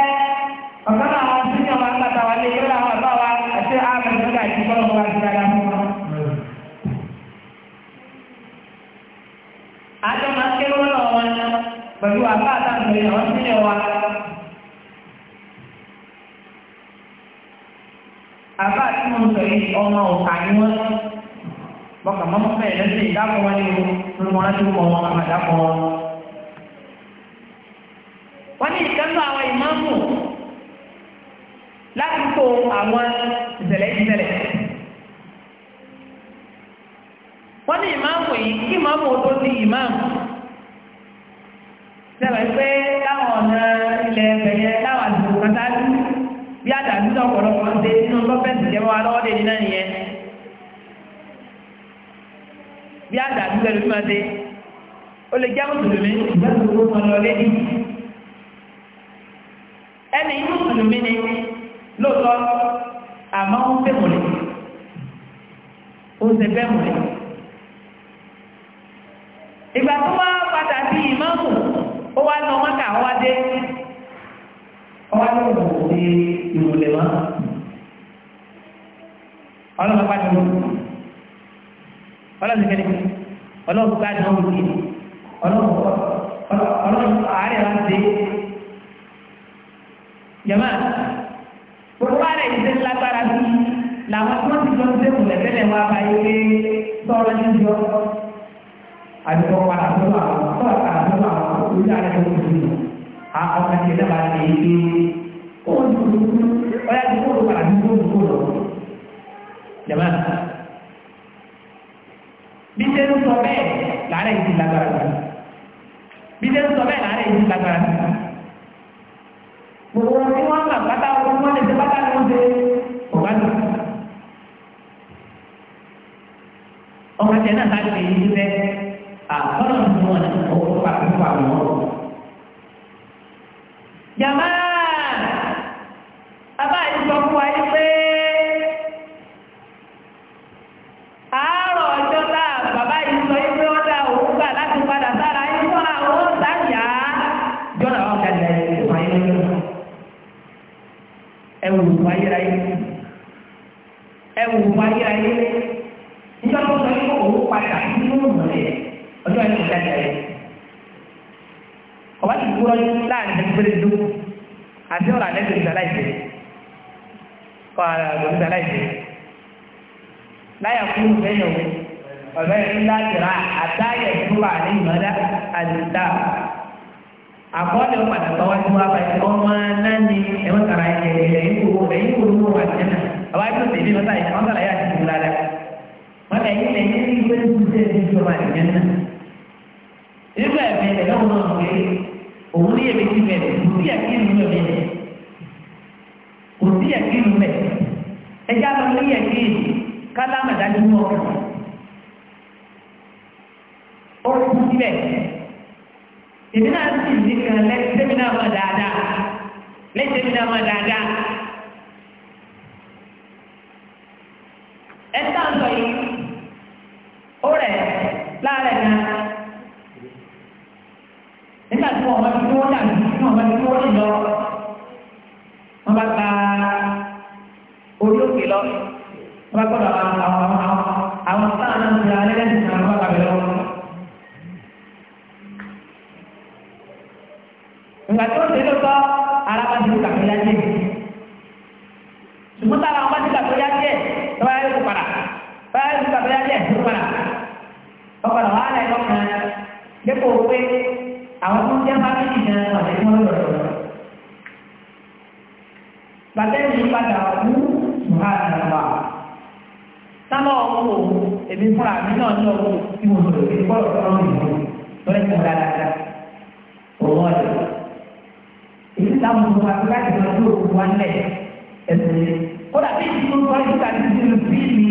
ọ̀kan náà wọn tún ní ọmọ àgbàtà wa lé lórí àwọn àbá wa àti ààbẹ̀ nígbà tí wọ́n mú wa ti dára fún wa. àjọ máa ń kéré wọn wọn pẹ̀lú àbá àtàkùn ìyàwó sílẹ̀ wa. ọmọ òkà ní wọ́n bọ́kà mọ́mọ́fẹ́ ìrẹsì ìdákọ̀ wọn ní wọn láti mọ́ wọn àmàdákọ̀ wọn tó ọ̀pọ̀lọpọ̀ ń ṣe nínú gọ́fẹ́ǹtì jẹ́ wọn alọ́wọ́ dé nínú nìyẹn bí àdàbí pẹ̀lú máa ṣe ó lè jẹ́ mùsùlùmí ìgbàgbọ́ gbogbo ọ̀nà ọ̀lẹ́dí ẹni mùsùlùmí ni lóòótọ́ àmọ́ ń fẹ́ mọ̀lẹ́ ó ń ṣe fẹ́ mọ̀lẹ́ wọn ọlọ́run kẹ́lẹ́ mi ọlọ́run bá dán wọn kiri ọlọ́run ọlọ́run àárẹ̀ wa dé jama gbogbo àárẹ̀ yìí ṣe lágbára bí làwọn tó ti jọ ń ṣe kùlẹ̀ tẹ́lẹ̀ wọn bá yé pé tọ́ọ̀rọ̀ ní jọ àdúgbò padà tó wà tọ́ọ̀ padà tó wà orí àárẹ̀ tó kù sí i àwọn ọmọ ìṣẹ̀lẹ̀ bá ti yé pé ó ń dúró jàmbá bí ṣe ń sọ bẹ́ẹ̀ làárẹ̀ yìí ti lágbára jù bí ṣe ń sọ bẹ́ẹ̀ làárẹ̀ yìí ti lágbára jù gbogbo wọn tí wọ́n gbà pátá wọn wọ́n lè ṣe pátá ni wọ́n ṣe ọ̀gá lò ọmọ tẹ náà láti ṣe yìí bẹ́ẹ̀ àkọ́nà tí wọ́n ń sọ ọ́ wọn. bàtẹ́yìn padà wú ṣùgbọ́n sábà ọmọ wò èmi fúnra mi náà ní ọmọ tí mo lò lórí bọ́ọ̀lù tó ń lò lórí ìmọ̀ dáadáa òun ọ̀dọ̀ èyí táwọn ọmọ wa láti lọ sí òkú wa nílẹ̀ ẹ̀sìn yẹn kódà bí ìdílé wa yóò ká ti di bí mi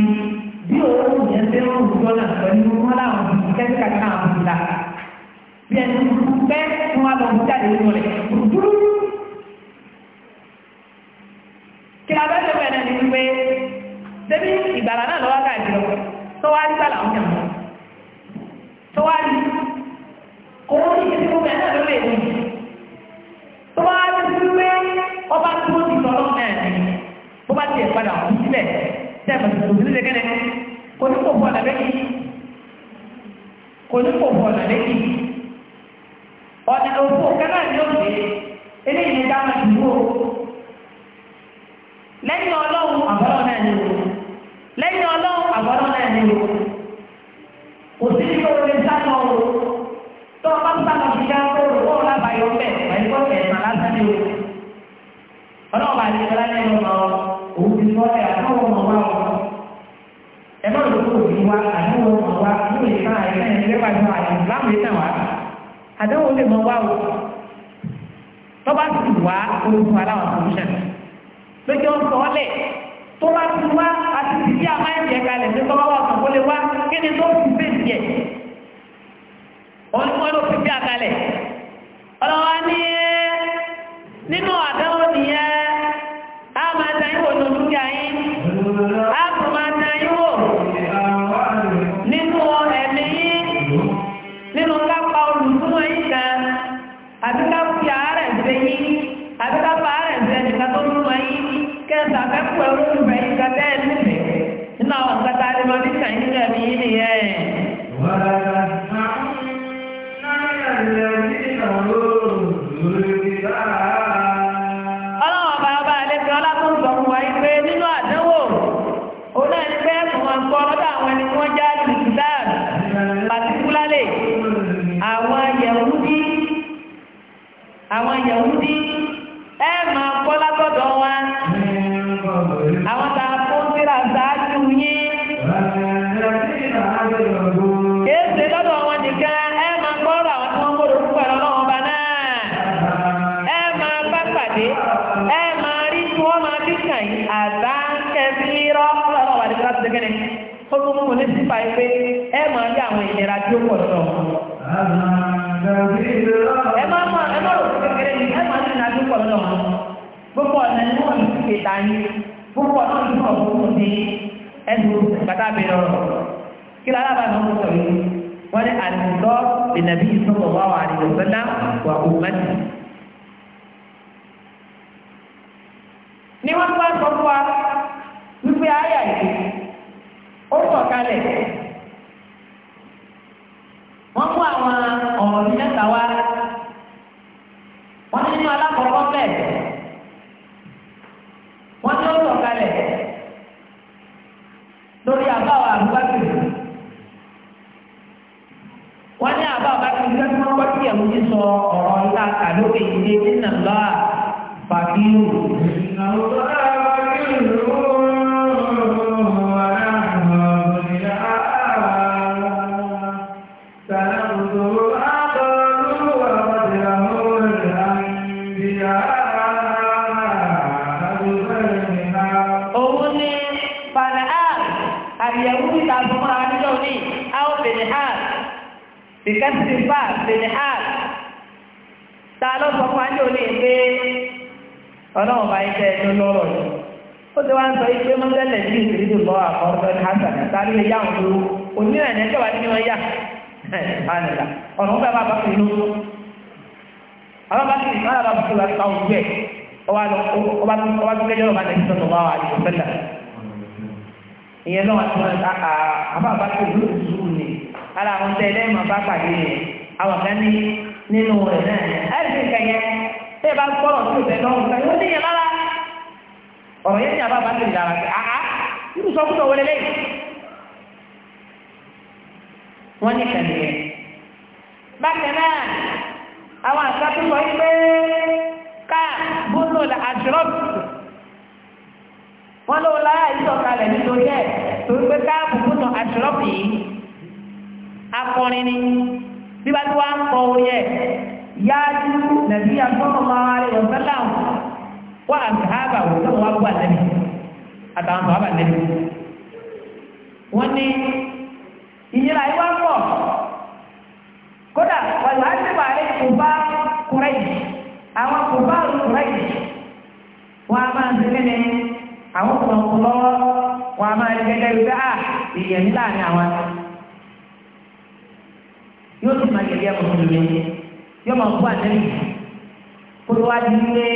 bí òun yẹn ṣe ń rúdọ́ náà pẹ̀lú wọn láwọn ti kẹ́sì kàkà náà wọn la bí ẹni bẹ́ẹ̀ fún wa lọ kí la bá tó bẹ́ẹ̀ náà ní wípé débí ìgbàlá náà lọ́wọ́ káàkiri tó wá rí gbàlà ọ̀hún jàmọ́ tó wá rí kò wọ́n ní ìdíkú bẹ́ẹ̀ náà ló lè ní tó wá rí sí wípé ọba tí ó ti sọ lọ́wọ́ náà ní bó bá tiẹ̀ padà ọ̀hún sílẹ̀ tẹ́ẹ̀mọ̀ tó ti lè kẹ́lẹ́ kò ní kò fọ́ ọ̀nà lẹ́yìn kò ní kò fọ́ ọ̀nà lẹ́yìn ọ̀nà òfò kẹ́lẹ́ ni ó ṣe eléyìí ni dáhùn ìdúró lẹ́yìn ọlọ́run àbọ̀rọ̀ náà ni o lẹ́yìn ọlọ́run àbọ̀rọ̀ náà ni o kò sí ní kó o lè sá lọ o tó o bá sá lọ sí ká o rò kó o lábàáyọ bẹ́ẹ̀ pẹ̀lú kó o fẹ̀ mà lásán ni o ọlọ́run bá ti sọ́lá lẹ́yìn ọmọ òun ti sọ́ ẹ̀ àtọ́wọ́ ọmọ wa o ẹ má lọ kó o fi wa àtọ́wọ́ ọmọ wa yóò lè máa ẹ̀ ẹ̀ ẹ̀ wá ìfọ̀ àyè láàmú ìtàn wa àdéhùn lè mọ wa o tọ́ bá sì wá olùkọ́ aláwọ̀ àbúṣẹ́ pé kí wọ́n sọ ọ́ lẹ̀ tó bá ti wá àti ti bí àmáyẹ̀dì ẹ̀ka lẹ̀ tó bá wà ọ̀sán kó lè wá kí ni tó fi fèsì ẹ̀ wọ́n ló fi bí àkàlẹ̀ ọlọ́wọ́ ní tí ẹ máa kọ́ látọ̀dọ̀ wa àwọn tá a fún síra ṣáájú yín. kéèsì lọ́dọ̀ wọn nìkan ẹ máa kọ́ ọ̀rọ̀ àwọn tí wọ́n gbọ́dọ̀ fún pẹ̀lú ọlọ́wọ́n ọba náà ẹ máa bá pàdé ẹ máa rí tí wọ́n máa fi kàn yín àbá kẹfì rọ́ ọlọ́wọ́n ọba nìkan láti dẹ́gẹ́ni ó tún mú un ní sípa ẹgbẹ́ ẹ máa rí àwọn ìnira tí ó pọ̀ sọ. بالنبي صلى الله عليه وسلم وأمته fúlà ká ojú ẹ̀ ọba tó lẹ́jọ́ ọba tẹ̀sí tọ́tọ̀ wá wà ní ọ̀sẹ̀lẹ̀ ìyẹn náà tí wọ́n ta àbábá tó ló ti sùúrù ni ara àwọn tẹ́ ẹlẹ́yìn máa bá pàdé rẹ̀ àwọn kan ní nínú rẹ̀ náà ẹ̀rí fi kẹ̀yẹ tẹ́ ẹ bá gbọ́rọ̀ tó tẹ̀ lọ́wọ́ nǹkan yóò níyẹn lára ọ̀rọ̀ yẹn ní àbábá tó ìlara sí àá irú sọkúsọ wọlé lẹ́yìn wọ́n ní kẹ̀lẹ́ bákan náà àwọn àṣà tó sọ yí pé náà lè àjọ́rọ̀bù wọ́n ló láyà ìsọ̀kalẹ̀ nítorí ẹ̀ torí pé káàbù fún àjọ́rọ̀bù yìí akọrin ni bí bá tí wọ́n á kọ orí ẹ̀ yáájú nàbí agbọ́nà máa rẹ̀ ọ̀sẹ́lá wà àgbà wò lọ́wọ́ wá gbà lẹ́nu àtàwọn bàbá lẹ́nu wọ́n ní ìnira yìí wá pọ̀ kódà wàlúwàá ti wà lẹ́yìn kò bá kùrẹ́yìn àwọn kò bá wọ́n á máa ń sẹ́lẹ̀ ní àwọn ọ̀pọ̀lọpọ̀ lọ́wọ́ wọ́n á máa ń gẹ́gẹ́ bí bá ah, ìyẹn ní láàrin àwọn yóò tún máa gẹ̀gẹ́ mùsùlùmí yóò máa kó àtẹ́lẹ̀ kó ló wá di ilé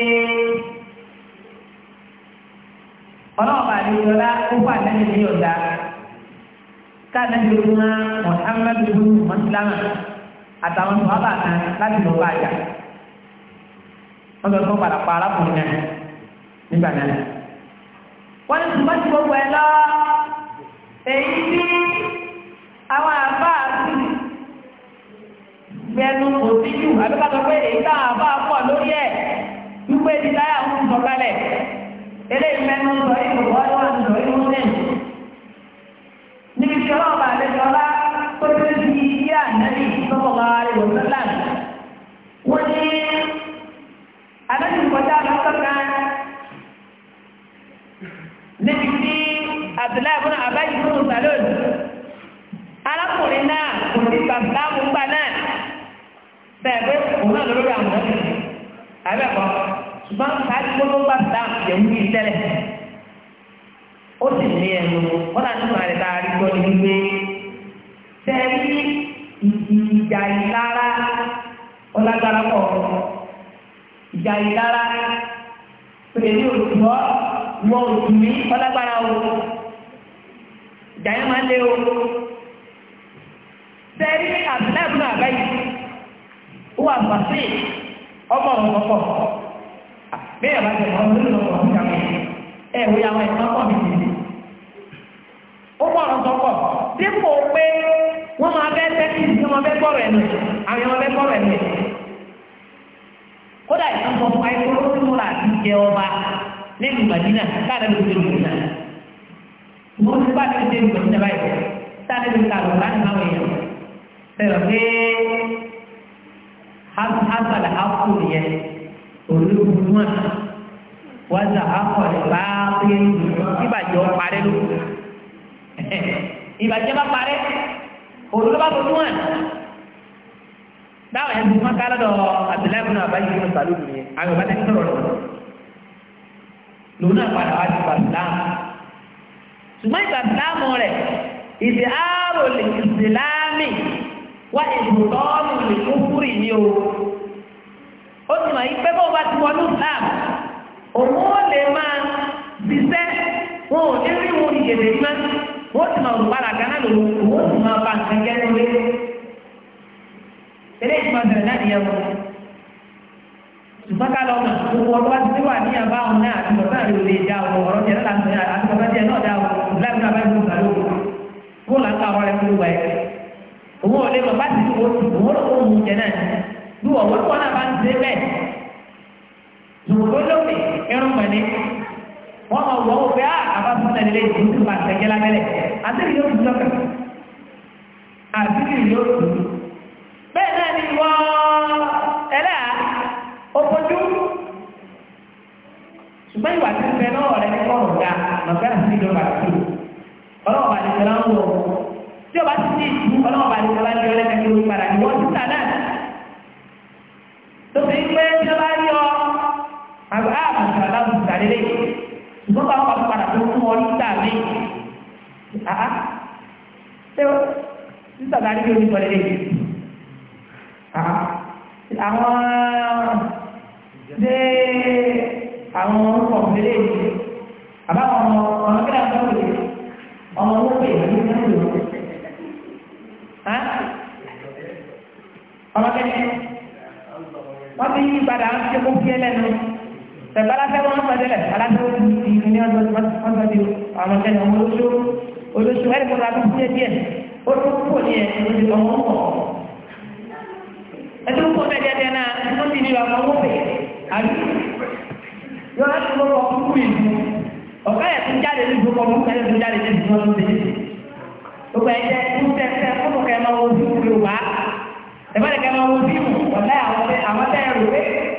ọlọ́ọ̀bà ni yọlá ó kó àtẹ́lẹ̀ ní yọ̀dá káàdé ní ogun náà mọ̀tàmẹ́lẹ́dì ló ń mọ̀tìlámà àtàwọn tó wá bàtà láti lọ́ọ́ bàjá wọ́n sọ fún padà pa arákùnrin náà nígbà náà wọ́n ní tùmọ̀ tí gbogbo ẹ̀ lọ èyí tí àwọn àbá àti gbẹnu kò jù àbíkàtọ̀ pé èyí táwọn àbá pọ̀ lórí ẹ̀ wípé ti táyà ń sọ kalẹ̀ eléyìí mẹ́nu sọ ìlú ọdún àti sọ ìlú náà níbi tí ọlọ́ọ̀bà àlejò ọlá tó tó ti yí ànábì sọ́kọ̀ máa rí wọ́n sọ́lá wọ́n ní ànábì kọjá lọ́sọ̀kan Abdullahi ibn Abayi ibn Salul arákùnrin náà kò sí bàbá gbogbo náà bẹ́ẹ̀ pé òun náà lórí àwọn àbẹ̀kọ́ ṣùgbọ́n káàdì gbogbo bàbá yẹn wú yìí tẹ́lẹ̀ ó sì ní ẹnu wọn náà tún àrẹ tààrí gbọ́ ní wípé tẹ́lí ìjà ìlara ọlágbára pọ̀ ìjà ìlara pèlú olùkọ́ wọ òtún mi ọlágbára. jàyẹ́ máa lé o sẹ́rí àtìlẹ́bùn àbáyé wọ́n àgbàsí ọmọ ọ̀pọ̀ ah, bí ẹ̀bá jẹ́ ọmọ orílẹ̀ ọ̀pọ̀ ọ̀pọ̀ ẹ̀rọ ya wọn ẹ̀ka pọ̀ nìyí ó pọ̀ ọ̀rọ̀ sọ́kọ̀ dípò pé wọ́n máa bẹ́ tẹ́kì tí wọ́n bẹ́ àwọn ọmọ kódà fún jẹ ọba káàdà ló náà mo ti bá ti ṣe ìgbòho ìjọba yìí sáré mi kà lọ́la ní àwọn èèyàn bẹ̀rẹ̀ pé hasala hafu nìyẹn olóògùn wọn wájà akọ̀lẹ̀ bá pé ìbàjẹ́ ọ parẹ́ ló ìbàjẹ́ bá parẹ́ olùdókòwò tó tún wọn dáwọn ẹni tó máa kálọ́dọ̀ àbíláì fún àbáyé fún ìsàlùmí àwọn ìbátan sọ̀rọ̀ lòun náà padà wá ti pàṣẹ ṣùgbọ́n ìsìlámù rẹ̀ ìdí àárò lè ìsìlámì wá ìbùdọ́ọ̀nù lè kó kúrì ní o ó ti mọ̀ yí pé bó bá ti wọnú islam òun ó lè máa ṣiṣẹ́ wọn ò ní rí wọn ìyèdè mọ́ wọ́n ti máa rùpàdà gánà lòun òun ó sì máa bá nǹkan jẹ́ lórí eléyìí máa bẹ̀rẹ̀ láti yẹ wọn. ṣùgbọ́n ká lọ gbogbo ọlọ́wà ti wà ní àbá òun náà àti bàbá rẹ̀ ò lè dá o ọ̀rọ̀ jẹ́ láti ní àti bàbá jẹ́ náà dá o láti ní abájú ìgbà ló wọ́n là ń ka ọ̀rọ̀ rẹ̀ fún ìwà ẹ̀. òun ò lè mọ̀ bá ti tó o ti òun ò mú jẹ náà bí wọ́n wọ́n kọ́ náà bá ti dé bẹ́ẹ̀. lòwòló lókè ẹrù mọ̀lẹ́ wọ́n mọ̀ ah, wọ́n ọ̀pọ̀jú ṣùgbọ́n ìwà tí ń bẹ náà ọ̀rẹ́ ní kọ́ọ̀rọ̀ ga màgbára sí ìjọba àti ọlọ́wọ́ bá nìkan láwọn wọ̀ tí ọba ti ní ìlú ọlọ́wọ́ bá nìkan láwọn ọlẹ́ kan yóò padà ní wọ́n títà náà tó fi ń pẹ́ tí ọba rí ọ àgbà àbùsà aláwùsà sàlélẹ̀ ṣùgbọ́n bá wọn padà tó fún ọ títà mi ṣé títà náà rí omi sọ ṣé àwọn orúkọ òmìnira èyí àbáwọn ọmọ ọmọ kí náà sọ́kùn yìí ọmọ owó pè ní ìlú náà lò ọmọ kẹ́kẹ́ wọ́n ti yí padà ń ṣe kó fi ẹlẹ́nu tẹ̀gbálásẹ́ wọn sọ délẹ̀ aláṣẹ́wó ti di ìlú ní ọjọ́ ọjọ́ di ọmọ kẹ́kẹ́ ọmọ olóṣó olóṣó ẹ̀rí kọ́ra tó fi díẹ̀ ó tó kúrò ní ẹ̀ ló ti ọmọ ọkọ̀ ẹ̀tọ́ kúrò náà díẹ̀ díẹ̀ náà ó ti ní ọmọ owó pè é àbí yóò láti lọ́wọ́ kúkú ìlú ọ̀gá yẹn tún jáde ní ìdókòwò ọ̀gá yẹn tún jáde ní ìdókòwò ọ̀gá yẹn gbogbo ẹ̀jẹ̀ tún tẹ̀sẹ̀ fọ́tò kẹ́ máa wo fíìmù Yorùbá ẹ̀fọ́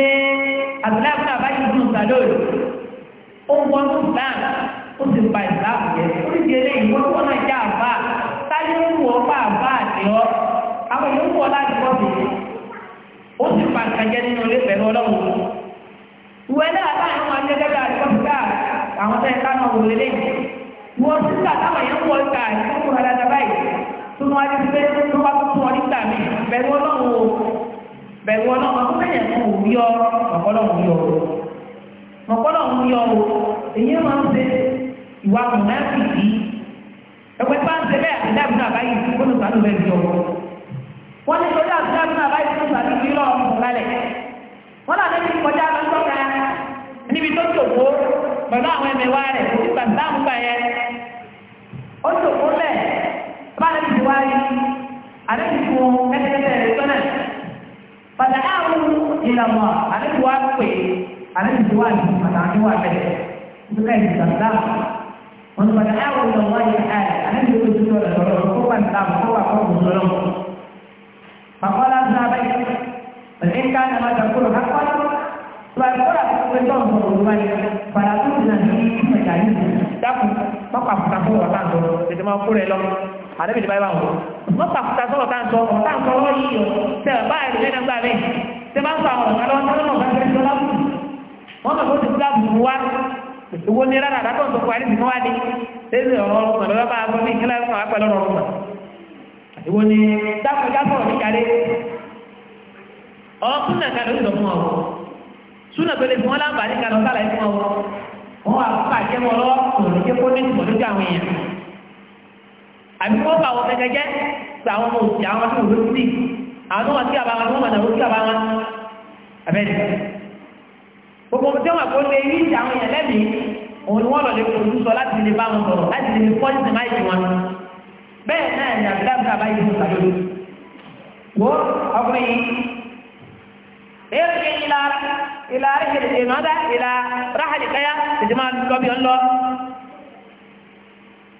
pé àbúlá fún àbájú dùn sàlóòrì ó ń wọnú ìsìláàmù ó sì pa ìsìláàmù yẹn oríṣi eléyìí wọ́n wọ́n náà já àbá táyé ń wọ́ pa àbá àti ọ́ àwọn èèyàn ń wọ́ láti wọ́ sí ó sì pa nǹkan jẹ́ nínú ilé pẹ̀lú ọlọ́run ìwé náà láàrin wọn jẹ́ gẹ́gẹ́ àti kọ́pútà àwọn tẹ́ ká náà wò lélẹ́yìn wọ́n ti gbà táwọn èèyàn ń wọ ìka ìfúnfún ọ̀dàdà báyìí tó wọ́n á ti gbé tó wá tó wọ́n nígbà mí bẹ̀rù ọlọ́run o bẹ̀rù ọlọ́run májẹ̀mú òwúyọ́ mọ̀kọ́lọ́ òwúyọ́ mọ̀kọ́lọ́ òwúyọ́ èyí máa ń ṣe ìwà mùnáfìkì ẹgbẹ́ tí wọ́n ń ṣe bẹ́ẹ̀ àtẹ̀dá ìbùnú àbáyé tí wọ́n ń sàánú bẹ́ẹ̀ jọ wọ́n ní kọjá àtẹ̀dá ìbùnú àbáyé tí wọ́n sàánú bí lọ́rọ̀ mọ̀ lálẹ̀ wọ́n náà lẹ́bi kọjá lọ́sọ̀ka níbi tó jòkó pẹ̀lú àwọn ẹ̀mẹ̀wá rẹ̀ kò sí gbàgbá ń gbà yẹn ó jòkó lẹ̀ bá lẹ́bi wáyé àlẹ́ ìfún ẹ̀ẹ́dẹ́gbẹ̀rẹ̀ sọ́nà فدعاه إلى الله أنا توافقي أنا توافقي أنا توافقي بكل جدال من فدعاه إلى الله تعالى أنا جبت سورة الركوع أنا أقوى قوم الظلم فقال أصحابي فإن كان ما تقول حقا فأقول أنتم تقولون فلا تقولن لي فجاهدوا تقول ما قفت أقول أنتم إذا ما أقول لهم àdébìdì báyìí báwọn wọ́n pàkúta sọ́rọ̀ táǹtọ́ táǹtọ́ wọ́n yìí yọ tẹ̀rẹ̀ báyìí lẹ́nà gbà mí tẹ́ bá ń sọ àwọn ọ̀gá lọ́wọ́ tẹ́lẹ̀ náà bá ń tẹ́lẹ̀ lọ́wọ́ wọ́n kàn tó ti gbá bùrù wá ìwọ ní rárá àdátọ̀ tó parí sí wá ní lẹ́sẹ̀ ọ̀rọ̀ ọ̀rọ̀ lọ́wọ́ bá gbọ́ ní kílá ẹ̀sán ni dákùnjá sọ̀rọ̀ ní kárẹ́ ọ̀rọ̀ súnà kan ló sọ fún ọ súnà pẹ̀lẹ́ fún wọn láǹfààní kan lọ sálà ẹ̀sán ọ wọn wà fún àjẹmọ́ ọlọ́wọ́ ní jẹ́ kó ní ìmọ̀lódé àwọn èèyàn àbí kọ́ bá wọn kẹ́kẹ́ jẹ́ gba àwọn ọmọ òsì àwọn tí òun sí àwọn tó wà sí àbá wọn tó wọn sí àbá wọn abẹ́ni gbogbo tí wọn kò lè rí ìjà àwọn èèyàn lẹ́bi òun ni wọn lọ lè fojú sọ láti lè bá wọn sọ̀rọ̀ láti lè fọ́ ìsìn máa ìsìn wọn bẹ́ẹ̀ náà ni àbúrò àbúrò àbáyé fún sàlódò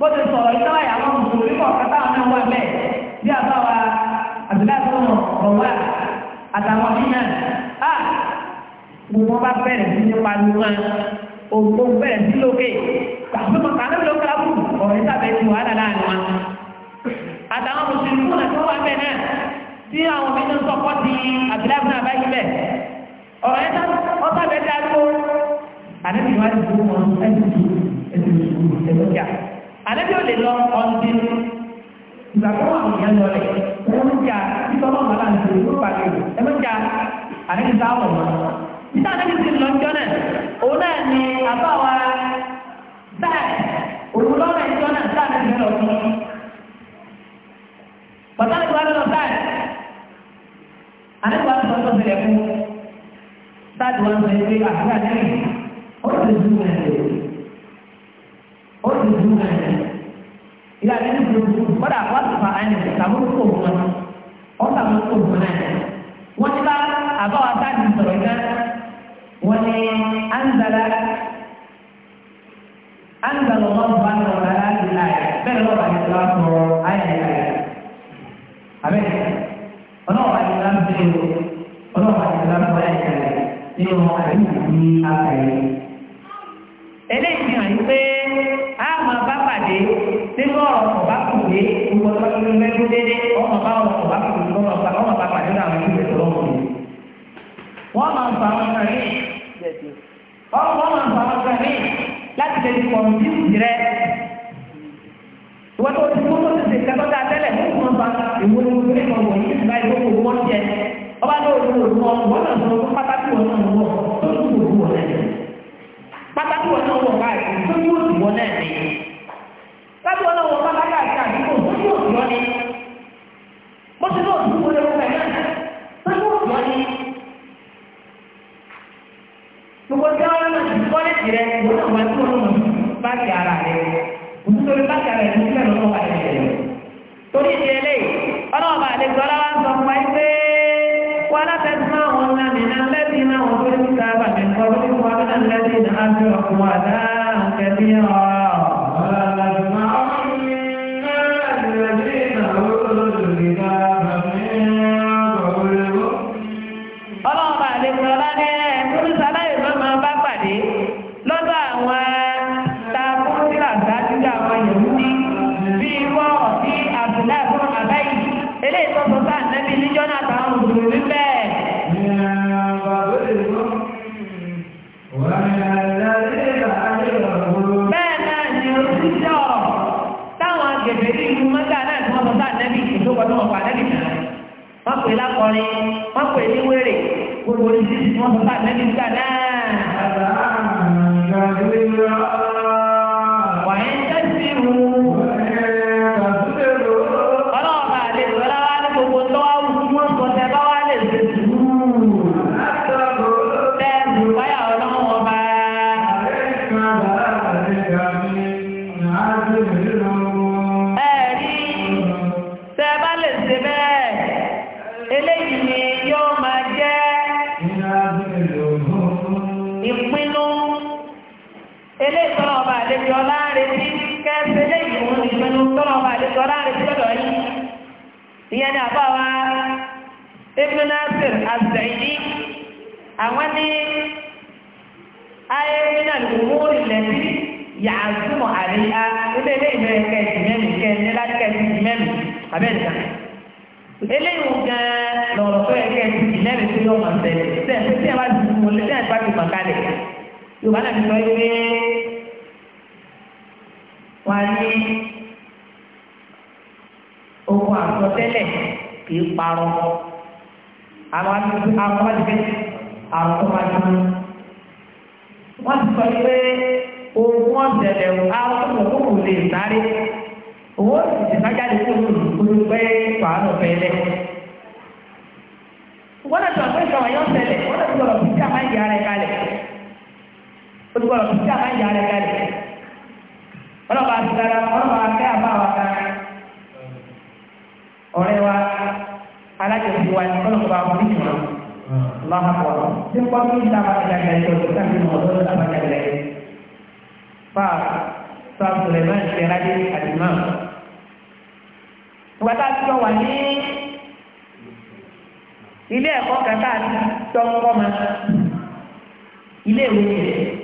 bó ti sọ̀rọ̀ ìtọ́wà ìyàwó mùsùlùmí kọ̀ọ̀kan táwọn náà wà bẹ́ẹ̀ bí àbáwa àbíláàbọ̀mọ̀ ọ̀wà àtàwọn yíyan á gbogbo bá bẹ̀rẹ̀ sí ní pariwo ògbó bẹ̀rẹ̀ sí lókè pàṣípọ̀ kàánú ló kábù ọ̀rẹ́ sábẹ́ ti wàhálà láàrin wa àtàwọn mùsùlùmí náà tó wà bẹ́ẹ̀ náà tí àwọn òbí náà sọ̀kọ́ ti àbíláàbọ̀ náà bá yí bẹ́ẹ̀ ọ̀rẹ́ ọ̀sábẹ́ dáró àdébìnrin wa ti dúró àdébí ò lè lọ ọdún ìgbàgbọ́ àwọn èèyàn lọ rẹ̀ wọ́n ń jà títọ́lọ́ mọ́lá ń ṣe ló pàdé ẹ ló ń jà àdébí sáwọ̀ mọ́ títà àdébí ti lọ jọ náà òun náà ni àbáwa bẹ́ẹ̀ òun lọ́rẹ̀ jọ náà títà àdébí lọ fún un pàtàkì wà lọ bẹ́ẹ̀ àdébí wà lọ sọ sílẹ̀ fún sáàdì wọn sọ pé àbúrò àdébí ó ti dùn ẹ̀ àdìsí ní àkàyè pé a máa bá pàdé nínú ọ̀rọ̀ ọ̀bá kù dé gbogbo ọ̀bá kù dé lẹ́nu dédé ọmọ bá ọ̀rọ̀ ọ̀bá kù dé ọmọ bá ọmọ bá pàdé náà wọ́n ti lọ́wọ́ kù dé. wọ́n máa ń fa àwọn kan ní kẹfẹ́ ní ìlú mọ́tà náà tí wọ́n sọ sáà nẹ́bí ìjókòó tó pa nẹ́bí náà wọ́n pè lákọrin wọ́n pè ní wéré gbogbo oríṣi tí wọ́n sọ sáà nẹ́bí nígbà náà. wàá ń tẹ́sí ìhun náà ti sọ pé wà ní ohun àsọtẹ́lẹ̀ kì í parọ́ àwọn àti àwọn àti àwọn àti gbọ́dọ̀ fi sí àmáyà rẹ̀ kalẹ̀ ọlọ́pàá ti dára ọlọ́pàá kẹ́ àbáwá kan ọ̀rẹ́ wa alájọsí wa ọlọ́pàá fún mi wọn lọ́hà pọ̀ tí wọ́n fi ń dábàá kẹ́lẹ́ kẹ́lẹ́ tó ti káfí mọ̀ lọ́dọ̀ dábàá kẹ́lẹ́ fa sọ́ọ̀tùrẹ̀ náà ṣe rádé àdìmọ́ ìwà tá a ti lọ wà ní ilé ẹ̀kọ́ kan ilé ìwé yẹn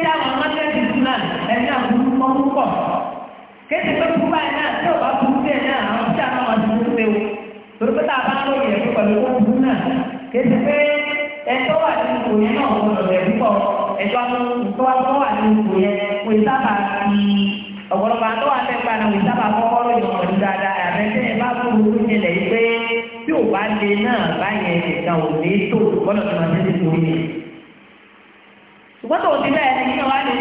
sí àwọn mọ́tẹ́ẹ̀tì sí náà ẹni náà burú mọ́ púpọ̀ kéde pé púpà ẹ̀ náà tí ò bá burú sí ẹ̀ náà àwọn tí àwọn ọmọdé burú pé o torí pé tá a bá ń lóye ẹ̀kọ́ pẹ̀lú owó burú náà kéde pé ẹjọ́ wà ní ipò yẹn náà wọ́n lọ bẹ̀ púpọ̀ ẹjọ́ tó wà ní ipò yẹn kò ì sábà fi ọ̀pọ̀lọpọ̀ àtọ́ wà fẹ́ gba àwọn ìsábà kọ́kọ́ lóye ọ̀rọ̀ dáadáa àbẹ̀tẹ́ ẹ bá fún mi lóye lẹ̀ yí pé tí ò bá lè náà báyẹn ẹ̀ka ò ní tó gbọ́dọ̀ tó máa tẹ́lẹ̀ tó yẹ. ṣùgbọ́n tó ti bẹ́ẹ̀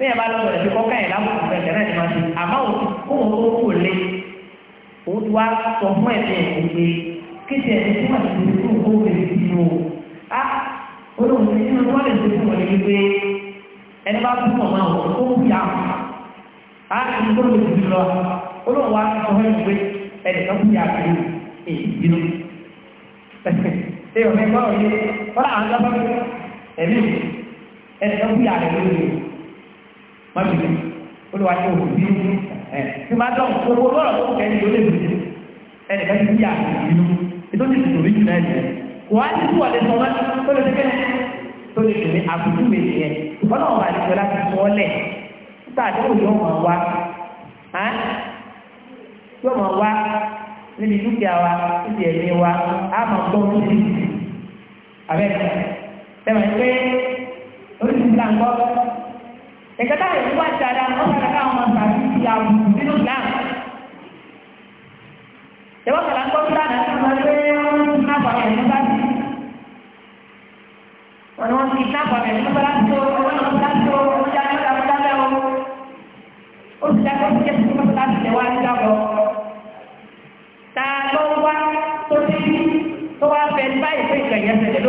bẹ́ẹ̀ bá lọ́wọ́ rẹ̀ kọ́ káyìn lábùkù rẹ̀ tẹ̀lé ẹ̀ máa ṣe àmọ́ òun tó kú lé òun ti wá sọ fún ẹ̀mí ẹ̀ kò pé kéde ẹ̀ tí wọ́n ti fi fún kó lè fi o á olóhùn ti nínú wọ́n lè fi fún wọn ní pé ẹni bá fún ọmọ àwọn tó ń yà á ní kó lè fi lọ olóhùn wa sọ fún ẹ̀mí pé ẹni kan fún yà á fi èyí bínú ẹ ọ̀rẹ́ gbọ́dọ̀ yé wọ́n làwọn ń gbọ́ mọ́bìlì olùwà ní òkú bí ẹ̀ tí máa dán gbogbo lọ́rọ̀ tó kẹ́ ní olè bìí ẹnì kan ti bí àgbà nínú ètò ti tòrò yìí náà yẹ wọ́n á ti tú ọ̀lẹ́ sọ wọn tó lè tẹ́kẹ́ tó lè tẹ̀lé àbùkù mi yẹn ọ̀nà ọ̀hún àdìgbò láti sọ ọ́ lẹ̀ nígbà tí kò yọ̀ wọ́n wá yọ̀ wọ́n wá níbi dúkìá wa níbi ẹ̀mí wa á máa gbọ́ wọn sí abẹ́rẹ́ ẹ̀ ẹ̀ka táwọn èèyàn wá dáadáa wọ́n sára káwọn máa sàbí ti àwọn nínú Islam ìwọ́n kàlá ń gbọ́ sí lánàá sí wọn pé wọ́n ti ná bàbá ẹ̀ nígbà tí wọ́n ni wọ́n ti ná bàbá ẹ̀ nígbà láti tó wọ́n lọ sí láti tó wọ́n já ní ọ̀dà ọ̀dà lẹ́wọ̀ ó sì dá kọ́sí jẹ́ sí kọ́sí láti tẹ̀wá ní ìjọba ta wá tó ti tó wá fẹ́ báyìí pé ìgbà yẹn tẹ̀lé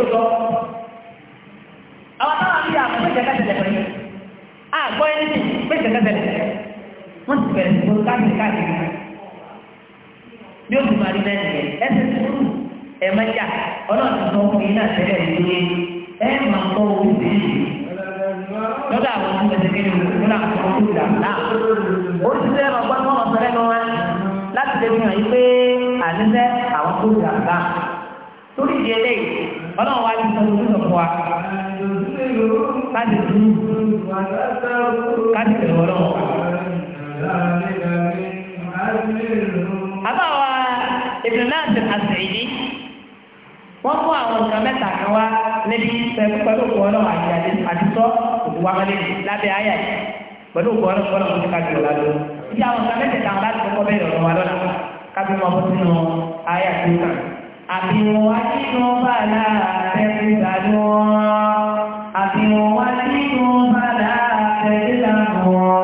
àwọn táwọn àbí àwọn ìjọba tẹ̀lé pẹ̀lú àgbọ́ ẹni tí pèsè kẹsẹ̀lẹ̀ wọ́n ti bẹ̀rẹ̀ sí káàkiri káàkiri bí ó ti máa rí lẹ́yìn rẹ̀ ẹsẹ̀ sùúrù ẹ̀ mẹ́jà ọlọ́ọ̀tún tó kún iná tẹ́lẹ̀ ní ẹ máa kọ́ owó sí lọ́dọ̀ àwọn tó tẹ̀sẹ̀ kí ni òkú náà kọ́ owó sí àmì náà ó ti sẹ́ ẹ̀ máa gbọ́ mọ́ ọ̀sẹ̀ lẹ́nu wọn láti lè fi hàn yí pé àníṣẹ́ àwọn tó ti àmì náà torí ìdí ọlọ́run wá ní sọ́dún tó sọ̀kọ́ wa láti dúró láti tẹ̀lé ọlọ́run wa. àbáwa ìbìnrin náà ti àṣẹ yìí wọ́n fún àwọn nǹkan mẹ́ta kan wá níbi pẹ̀lú pẹ̀lú òkú ọlọ́run àti àdìsọ́ òkú wa wọlé lábẹ́ àyà yìí pẹ̀lú òkú ọlọ́run kọ́ ọlọ́run ti ká jù ọ lálẹ́ ìdí àwọn nǹkan mẹ́tẹ̀ẹ̀ta wọn láti kọ́kọ́ bẹ́ẹ̀ lọ́wọ́ wa lọ́la kábí àfihàn wá nínú bàlá àtẹ́síta ni wọ́n àfihàn wá nínú bàlá àtẹ́síta ni wọ́n.